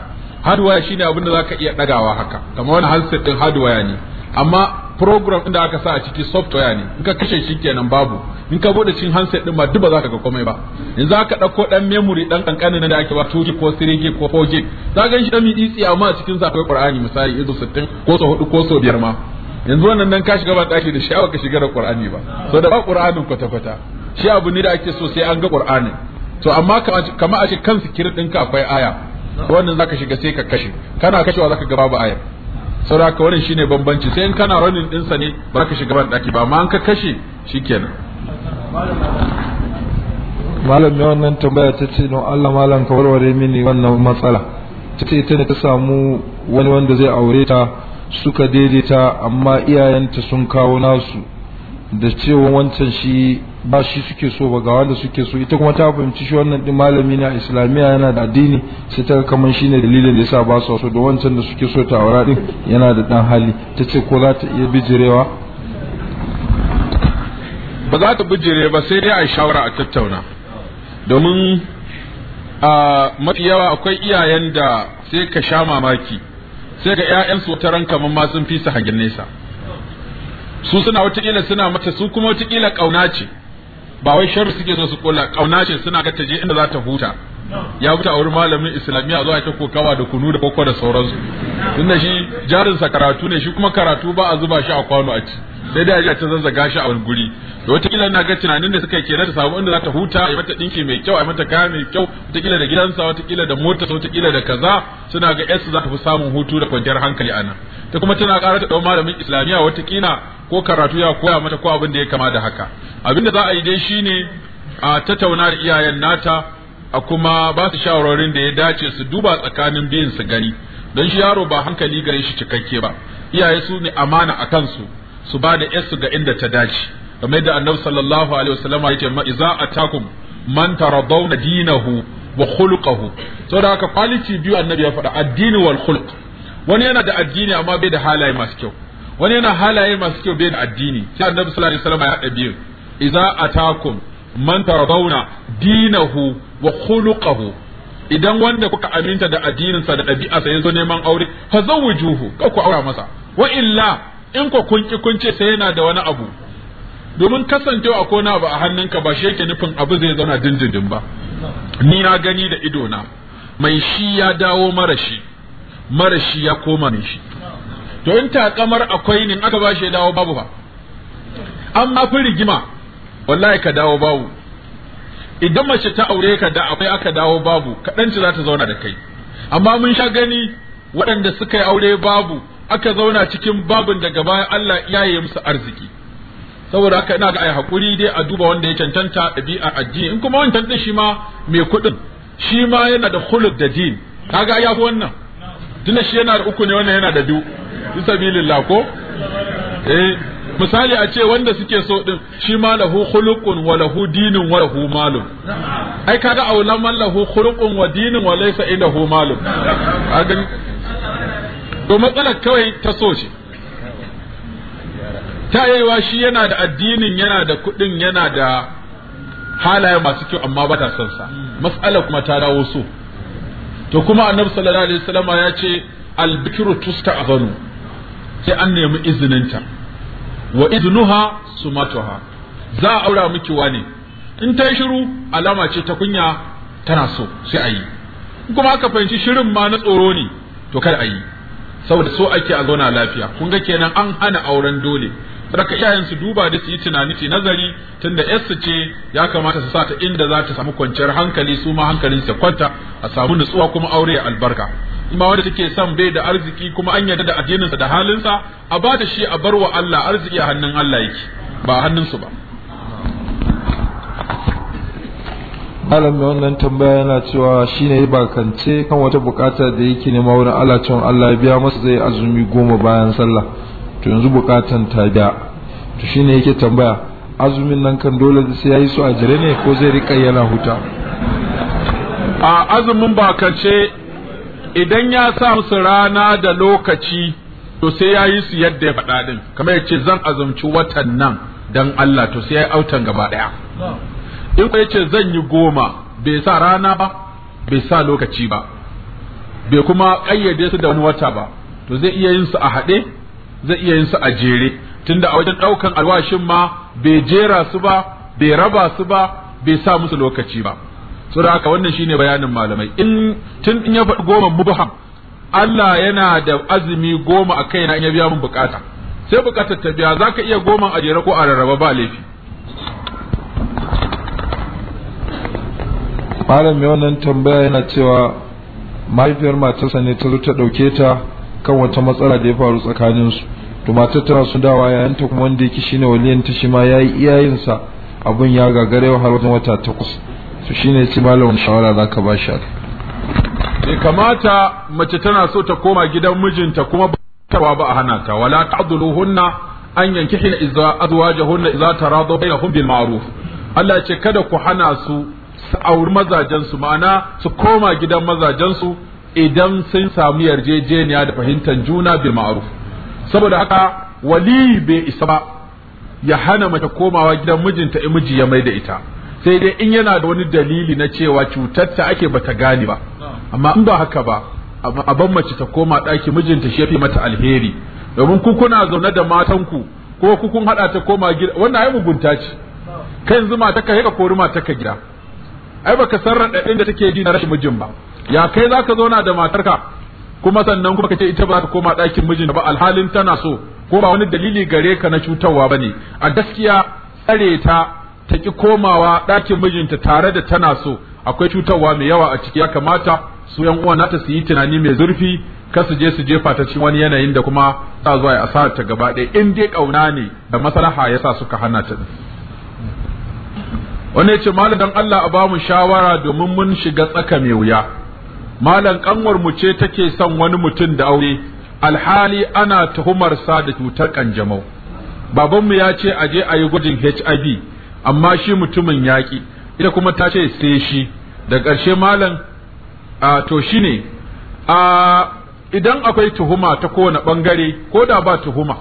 hardware shine abin da zaka iya dagawa haka kamar wani handset din hardware ne amma program inda aka sa a ciki software ne in ka kashe shi kenan babu in ka bude cin handset din ma duk ba za ka ga komai ba in za ka dauko dan memory dan kankanin da ake ba 2 gig ko 3 gig ko 4 gig za ka shi dan mi dc amma a cikin sa akwai qur'ani misali izo 60 ko so 4 ko so 5 ma yanzu wannan dan ka shiga ba daki da sha'awa ka shiga da qur'ani ba so da ba qur'anin kwata kwata shi abu ne da ake so sai an ga qur'anin to amma kama a ce kan sikirin ɗinka akwai aya wannan zaka shiga sai ka kashe kana kashewa zaka ga babu ayar saboda wannan shine bambanci sai in kana ranin sa ne ba ka shiga ban daki ba amma an ka kashe shikenan malam ne wannan tambaya ta ce no Allah malam ka warware mini wannan matsala ta ce ita ne ta samu wani wanda zai aure ta suka daidaita amma iyayenta sun kawo nasu da cewa wancan shi ba shi suke so ba ga wanda suke so ita kuma ta fahimci shi wannan din malami na islamiyya yana da addini sai ta kaman shine dalilin da yasa ba su so da wancan da suke so ta aura din yana da dan hali ta ce ko za ta iya bijirewa ba za ta bijire ba sai dai a shawara a tattauna domin a mafi yawa akwai iyayen da sai ka sha mamaki sai ga 'ya'yansu wata ran kamar ma sun fi su hagin nesa su suna watakila suna mata su kuma watakila ƙauna ce ba wai sharri suke so su kula kauna ce suna ga taje inda za ta huta ya huta a wurin malamin islamiyya zuwa ta kokawa da kunu da koko da sauransu tunda shi jarinsa karatu ne shi kuma karatu ba a zuba shi a kwano a ci sai dai ya ta zazzaga shi a wani guri to wataƙila na ga tunanin da suka yi kenan ta samu inda za ta huta a mata ɗinki mai kyau a mata kaya mai kyau wataƙila da gidansa wataƙila da mota wataƙila da kaza suna ga yarsu za ta fi samun hutu da kwanciyar hankali a ta kuma tana ƙara ta ɗau malamin islamiyya wataƙila ko karatu ya koya mata ko abin da ya kama da haka abin da za a yi dai shine a tattauna da iyayen nata a kuma ba su shawarorin da ya dace su duba tsakanin biyun su gani don shi yaro ba hankali gare shi cikakke ba iyaye su ne amana a kansu su ba da yarsu ga inda ta dace kamar da annabi sallallahu alaihi wasallam ya ce ma iza atakum man taradawna dinahu wa khuluquhu saboda haka quality biyu annabi ya faɗa addini wal khuluq wani yana da addini amma bai da halaye masu kyau wani yana halaye masu kyau bai da addini sai annabi sallallahu alaihi wasallam ya haɗa biyu iza atakum man taradawna dinahu wa khuluquhu idan wanda kuka aminta da addininsa da ɗabi'arsa ya zo neman aure fa zawwijuhu ka ku aura masa wa illa in ko kun ki kun ce sai yana da wani abu domin kasancewa a kona ba a hannunka ba shi yake nufin abu zai zauna dindindin ba ni na gani da ido na mai shi ya dawo mara shi mara shi ya koma mai shi to in ta kamar akwai ne aka ba shi ya dawo babu ba an fi rigima wallahi ka dawo babu idan mace ta aure ka da akwai aka dawo babu kaɗanci za ta zauna da kai amma mun sha gani waɗanda suka yi aure babu aka zauna cikin babin daga baya Allah ya yi musu arziki saboda haka ina ga ai hakuri dai a duba wanda ya cancanta ɗabi'ar addini in kuma wancan din shi ma mai kuɗin shi ma yana da khuluq da din kaga ya fi wannan tunda shi yana da uku ne wannan yana da biyu bisabilillah ko eh misali a ce wanda suke so din shi ma lahu khuluqun wa lahu dinun wa lahu malun ai kaga aulaman lahu khuluqun wa dinun wa laysa ilahu malun to matsalar kawai ta so ce ta yayiwa shi yana da addinin yana da kuɗin yana da halaye masu kyau amma ba ta son sa matsalar kuma ta dawo so to kuma annabi sallallahu alaihi wasallam ya ce albikru tusta azanu sai an nemi izininta wa iznuha sumatuha za a aura miki wani in ta yi shiru alama ce ta kunya tana so sai a yi kuma aka fahimci shirin ma na tsoro ne to kada a yi saboda so ake a zauna lafiya kun ga kenan an hana auren dole saka iyayen su duba da su yi tunani ci nazari tunda yarsu ce ya kamata su sa ta inda za ta samu kwanciyar hankali su ma hankalin su kwanta a samu nutsuwa kuma aure ya albarka ima wanda take son bai da arziki kuma an yarda da sa da halinsa a bata shi a bar wa Allah arziki a hannun Allah yake ba hannun su ba Allah mai wannan tambaya yana cewa shine ne bakance kan wata bukata da yake nema wurin Allah cewa Allah ya biya masa zai azumi goma bayan sallah to yanzu bukatan ta biya to shine yake tambaya azumin nan kan dole sai yayi su a jire ne ko zai rika yana huta a azumin bakance idan ya sa musu rana da lokaci to sai ya yi su yadda ya faɗa din kamar yace zan azumci watan nan dan Allah to sai yi autan gaba daya in ya ce zan yi goma bai sa rana ba bai sa lokaci ba bai kuma ƙayyade su da wani wata ba to zai iya yin su a haɗe zai iya yin su a jere tunda a wajen ɗaukan alwashin ma bai jera su ba bai raba su ba bai sa musu lokaci ba so da haka wannan shine bayanin malamai in tun in ya faɗi goma mubham Allah yana da azumi goma a kaina in ya biya mun bukata sai bukatar ta biya zaka iya goma a jere ko a rarraba ba laifi malam mai wannan tambaya yana cewa mahaifiyar matarsa ne ta zo ta ɗauke ta kan wata matsala da ya faru tsakaninsu to matar tana su dawa yayin ta kuma wanda yake shine waliyan ta shi ma yayi iyayensa abun ya gagarewa har wajen wata takwas to shine ci malamin shawara zaka ba shi bai kamata mace tana so ta koma gidan mijinta kuma ta ba a hana ta wala ta'dhuluhunna an yankihina idza azwajahunna idza taradu bainahum bil ma'ruf Allah ce kada ku hana su su auri su ma'ana su koma gidan mazajensu idan sun samu yarjejeniya da fahimtar juna bil ma'ruf saboda haka wali bai isa ba ya hana mace komawa gidan mijinta in miji ya mai da ita sai dai in yana da wani dalili na cewa cutarta ake bata gane ba amma in ba haka ba aban mace ta koma daki mijinta shi ya fi mata alheri domin ku kuna zaune da matanku ko ku kun haɗa ta koma gida wannan ai mugunta ce kai yanzu mata ka ka kori mata ka gida ai baka san raɗaɗin da take ji na rashin mijin ba ya kai zaka zauna da matarka kuma sannan kuma kace ita ba za ta koma ɗakin mijin ba alhalin tana so ko ba wani dalili gare ka na cutarwa bane a gaskiya tsare ta ta ki komawa ɗakin mijinta tare da tana so akwai cutarwa mai yawa a ciki ya kamata su yan uwa nata su yi tunani mai zurfi kar su je su jefa ta cikin wani yanayin da kuma sa zuwa a asara ta gaba ɗaya in dai ƙauna ne da maslaha yasa suka hana ta wani ce malam dan Allah a ba mu shawara domin mun shiga tsaka mai wuya malam kanwar mu ce take son wani mutum da aure alhali ana tuhumar sa da cutar kanjamau baban mu ya ce a je a yi gwajin HIV amma shi mutumin yaƙi ita kuma ta ce sai shi da ƙarshe malam a to shine a idan akwai tuhuma ta kowane bangare ko da ba tuhuma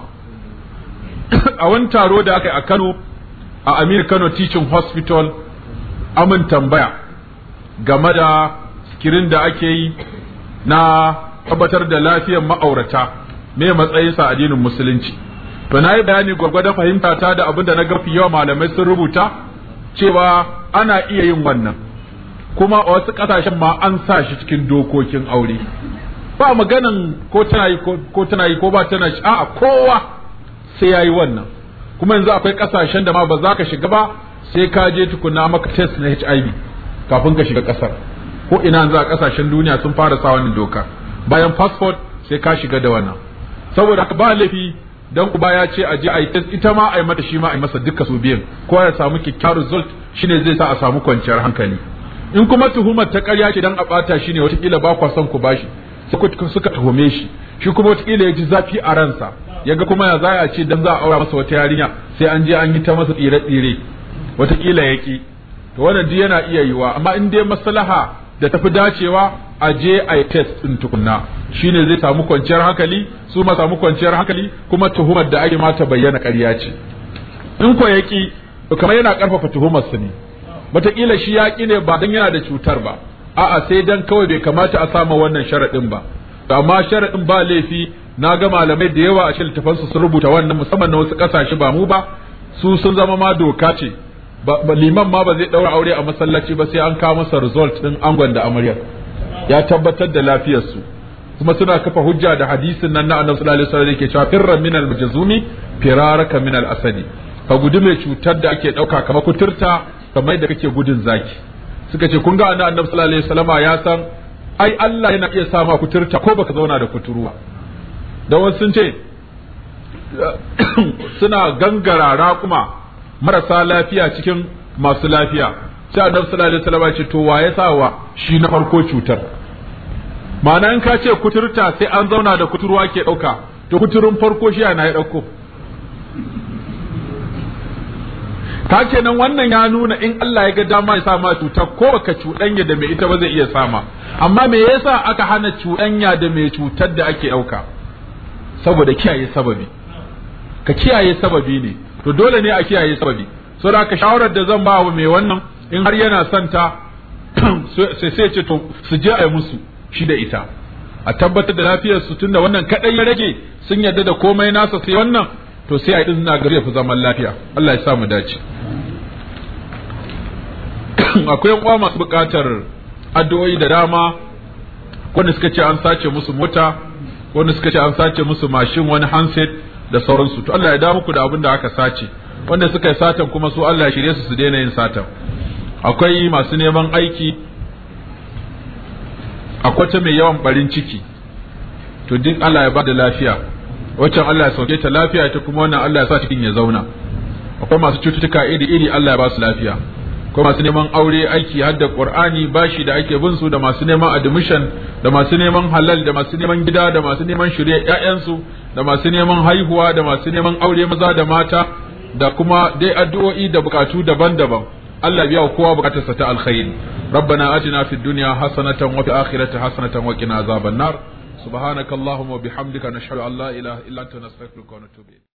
a wani taro da aka yi a Kano a amir kano teaching hospital amin tambaya game da skirin da ake yi na tabbatar da lafiyar ma'aurata me sa addinin musulunci to na yi bayani gwargwadon fahimta ta da abin da na gafi yawa malamai sun rubuta cewa ana iya yin wannan kuma a wasu kasashen ma an sa shi cikin dokokin aure ba maganan ko tana yi ko tana yi ko ba tana shi a'a kowa sai ya yi wannan kuma yanzu akwai kasashen da ma ba za ka shiga ba sai ka je tukuna maka test na HIV kafin ka shiga kasar ko ina yanzu a kasashen duniya sun fara sa wannan doka bayan passport sai ka shiga da wannan saboda ba laifi dan ku ya ce a je a yi test ita ma a yi mata shi ma a yi masa duka su biyan ko ya samu kyakkyawar result shine zai sa a samu kwanciyar hankali in kuma tuhumar ta ƙarya ce dan a bata shi ne watakila ba kwa son ku bashi suka tuhume shi shi kuma watakila ya ji zafi a ransa yaga kuma ya za a ce dan za a aura masa wata yarinya sai an je an yi ta masa tsire-tsire watakila ya ki to wannan duk yana iya yiwa amma in dai maslaha da tafi dacewa a je a yi test din tukunna shine zai samu kwanciyar hankali su ma samu kwanciyar hankali kuma tuhumar da ake mata bayyana ƙarya ce in ko ya ki kamar yana ƙarfafa tuhumar su ne wataƙila shi ya ne ba dan yana da cutar ba a'a sai dan kawai bai kamata a samu wannan sharaɗin ba amma sharaɗin ba laifi na ga malamai da yawa a cikin su sun rubuta wannan musamman na wasu kasashe ba mu ba su sun zama ma doka ce liman ma ba zai daura aure a masallaci ba sai an kawo masa result din angon da amaryar ya tabbatar da lafiyar su. kuma suna kafa hujja da hadisin nan na annabi sallallahu alaihi wasallam yake cewa firra min al-majzumi firaraka min al-asadi ka gudu mai cutar da ake dauka kamar kuturta kamar da kake gudun zaki suka ce kun ga annabi sallallahu alaihi wasallam ya san ai Allah yana iya sama kuturta ko baka zauna da kuturu ba da wasu sun ce suna gangara raƙuma marasa lafiya cikin masu lafiya sai annabi sallallahu alaihi wasallam ce to waye sawa shi na farko cutar ma'ana in ka ce kuturta sai an zauna da kuturwa ke ɗauka to kuturun farko shi ana ya ɗauko ta kenan wannan ya nuna in Allah ya ga dama ya sama cuta ko baka cuɗanya da mai ita ba zai iya sama amma me yasa aka hana cuɗanya da mai cutar da ake ɗauka saboda kiyaye sababi ka kiyaye sababi ne to dole ne a kiyaye sababi so da ka shawarar da zan ba wa mai wannan in har yana santa ta sai sai ce to su je a musu shi da ita a tabbatar da lafiyar su tunda wannan kadai ya rage sun yarda da komai nasa sai wannan to sai a yi gari ya fi zaman lafiya Allah ya sa mu dace akwai uwa masu bukatar addu'o'i da dama wanda suka ce an sace musu mota wanda suka ce an sace musu mashin wani handset da sauransu to Allah ya da muku da abin da aka sace wanda suka yi satan kuma su Allah ya shirye su su daina yin satan akwai masu neman aiki akwai ta mai yawan barin ciki to duk Allah ya ba da lafiya waccan Allah ya sauke ta lafiya ta kuma wannan Allah ya sa cikin ya zauna akwai masu cututtuka iri iri Allah ya ba su lafiya ko masu neman aure aiki hadda qur'ani bashi da ake bin su da masu neman admission da masu neman halal da masu neman gida da masu neman shirye ƴaƴansu da masu neman haihuwa da masu neman aure maza da mata da kuma dai addu'o'i da bukatu daban-daban Allah biya kowa bukatarsa ta alkhairi ربنا آتنا في الدنيا حسنة وفي الآخرة حسنة وقنا عذاب النار سبحانك اللهم وبحمدك نشهد أن لا إله إلا أنت نستغفرك ونتوب إليك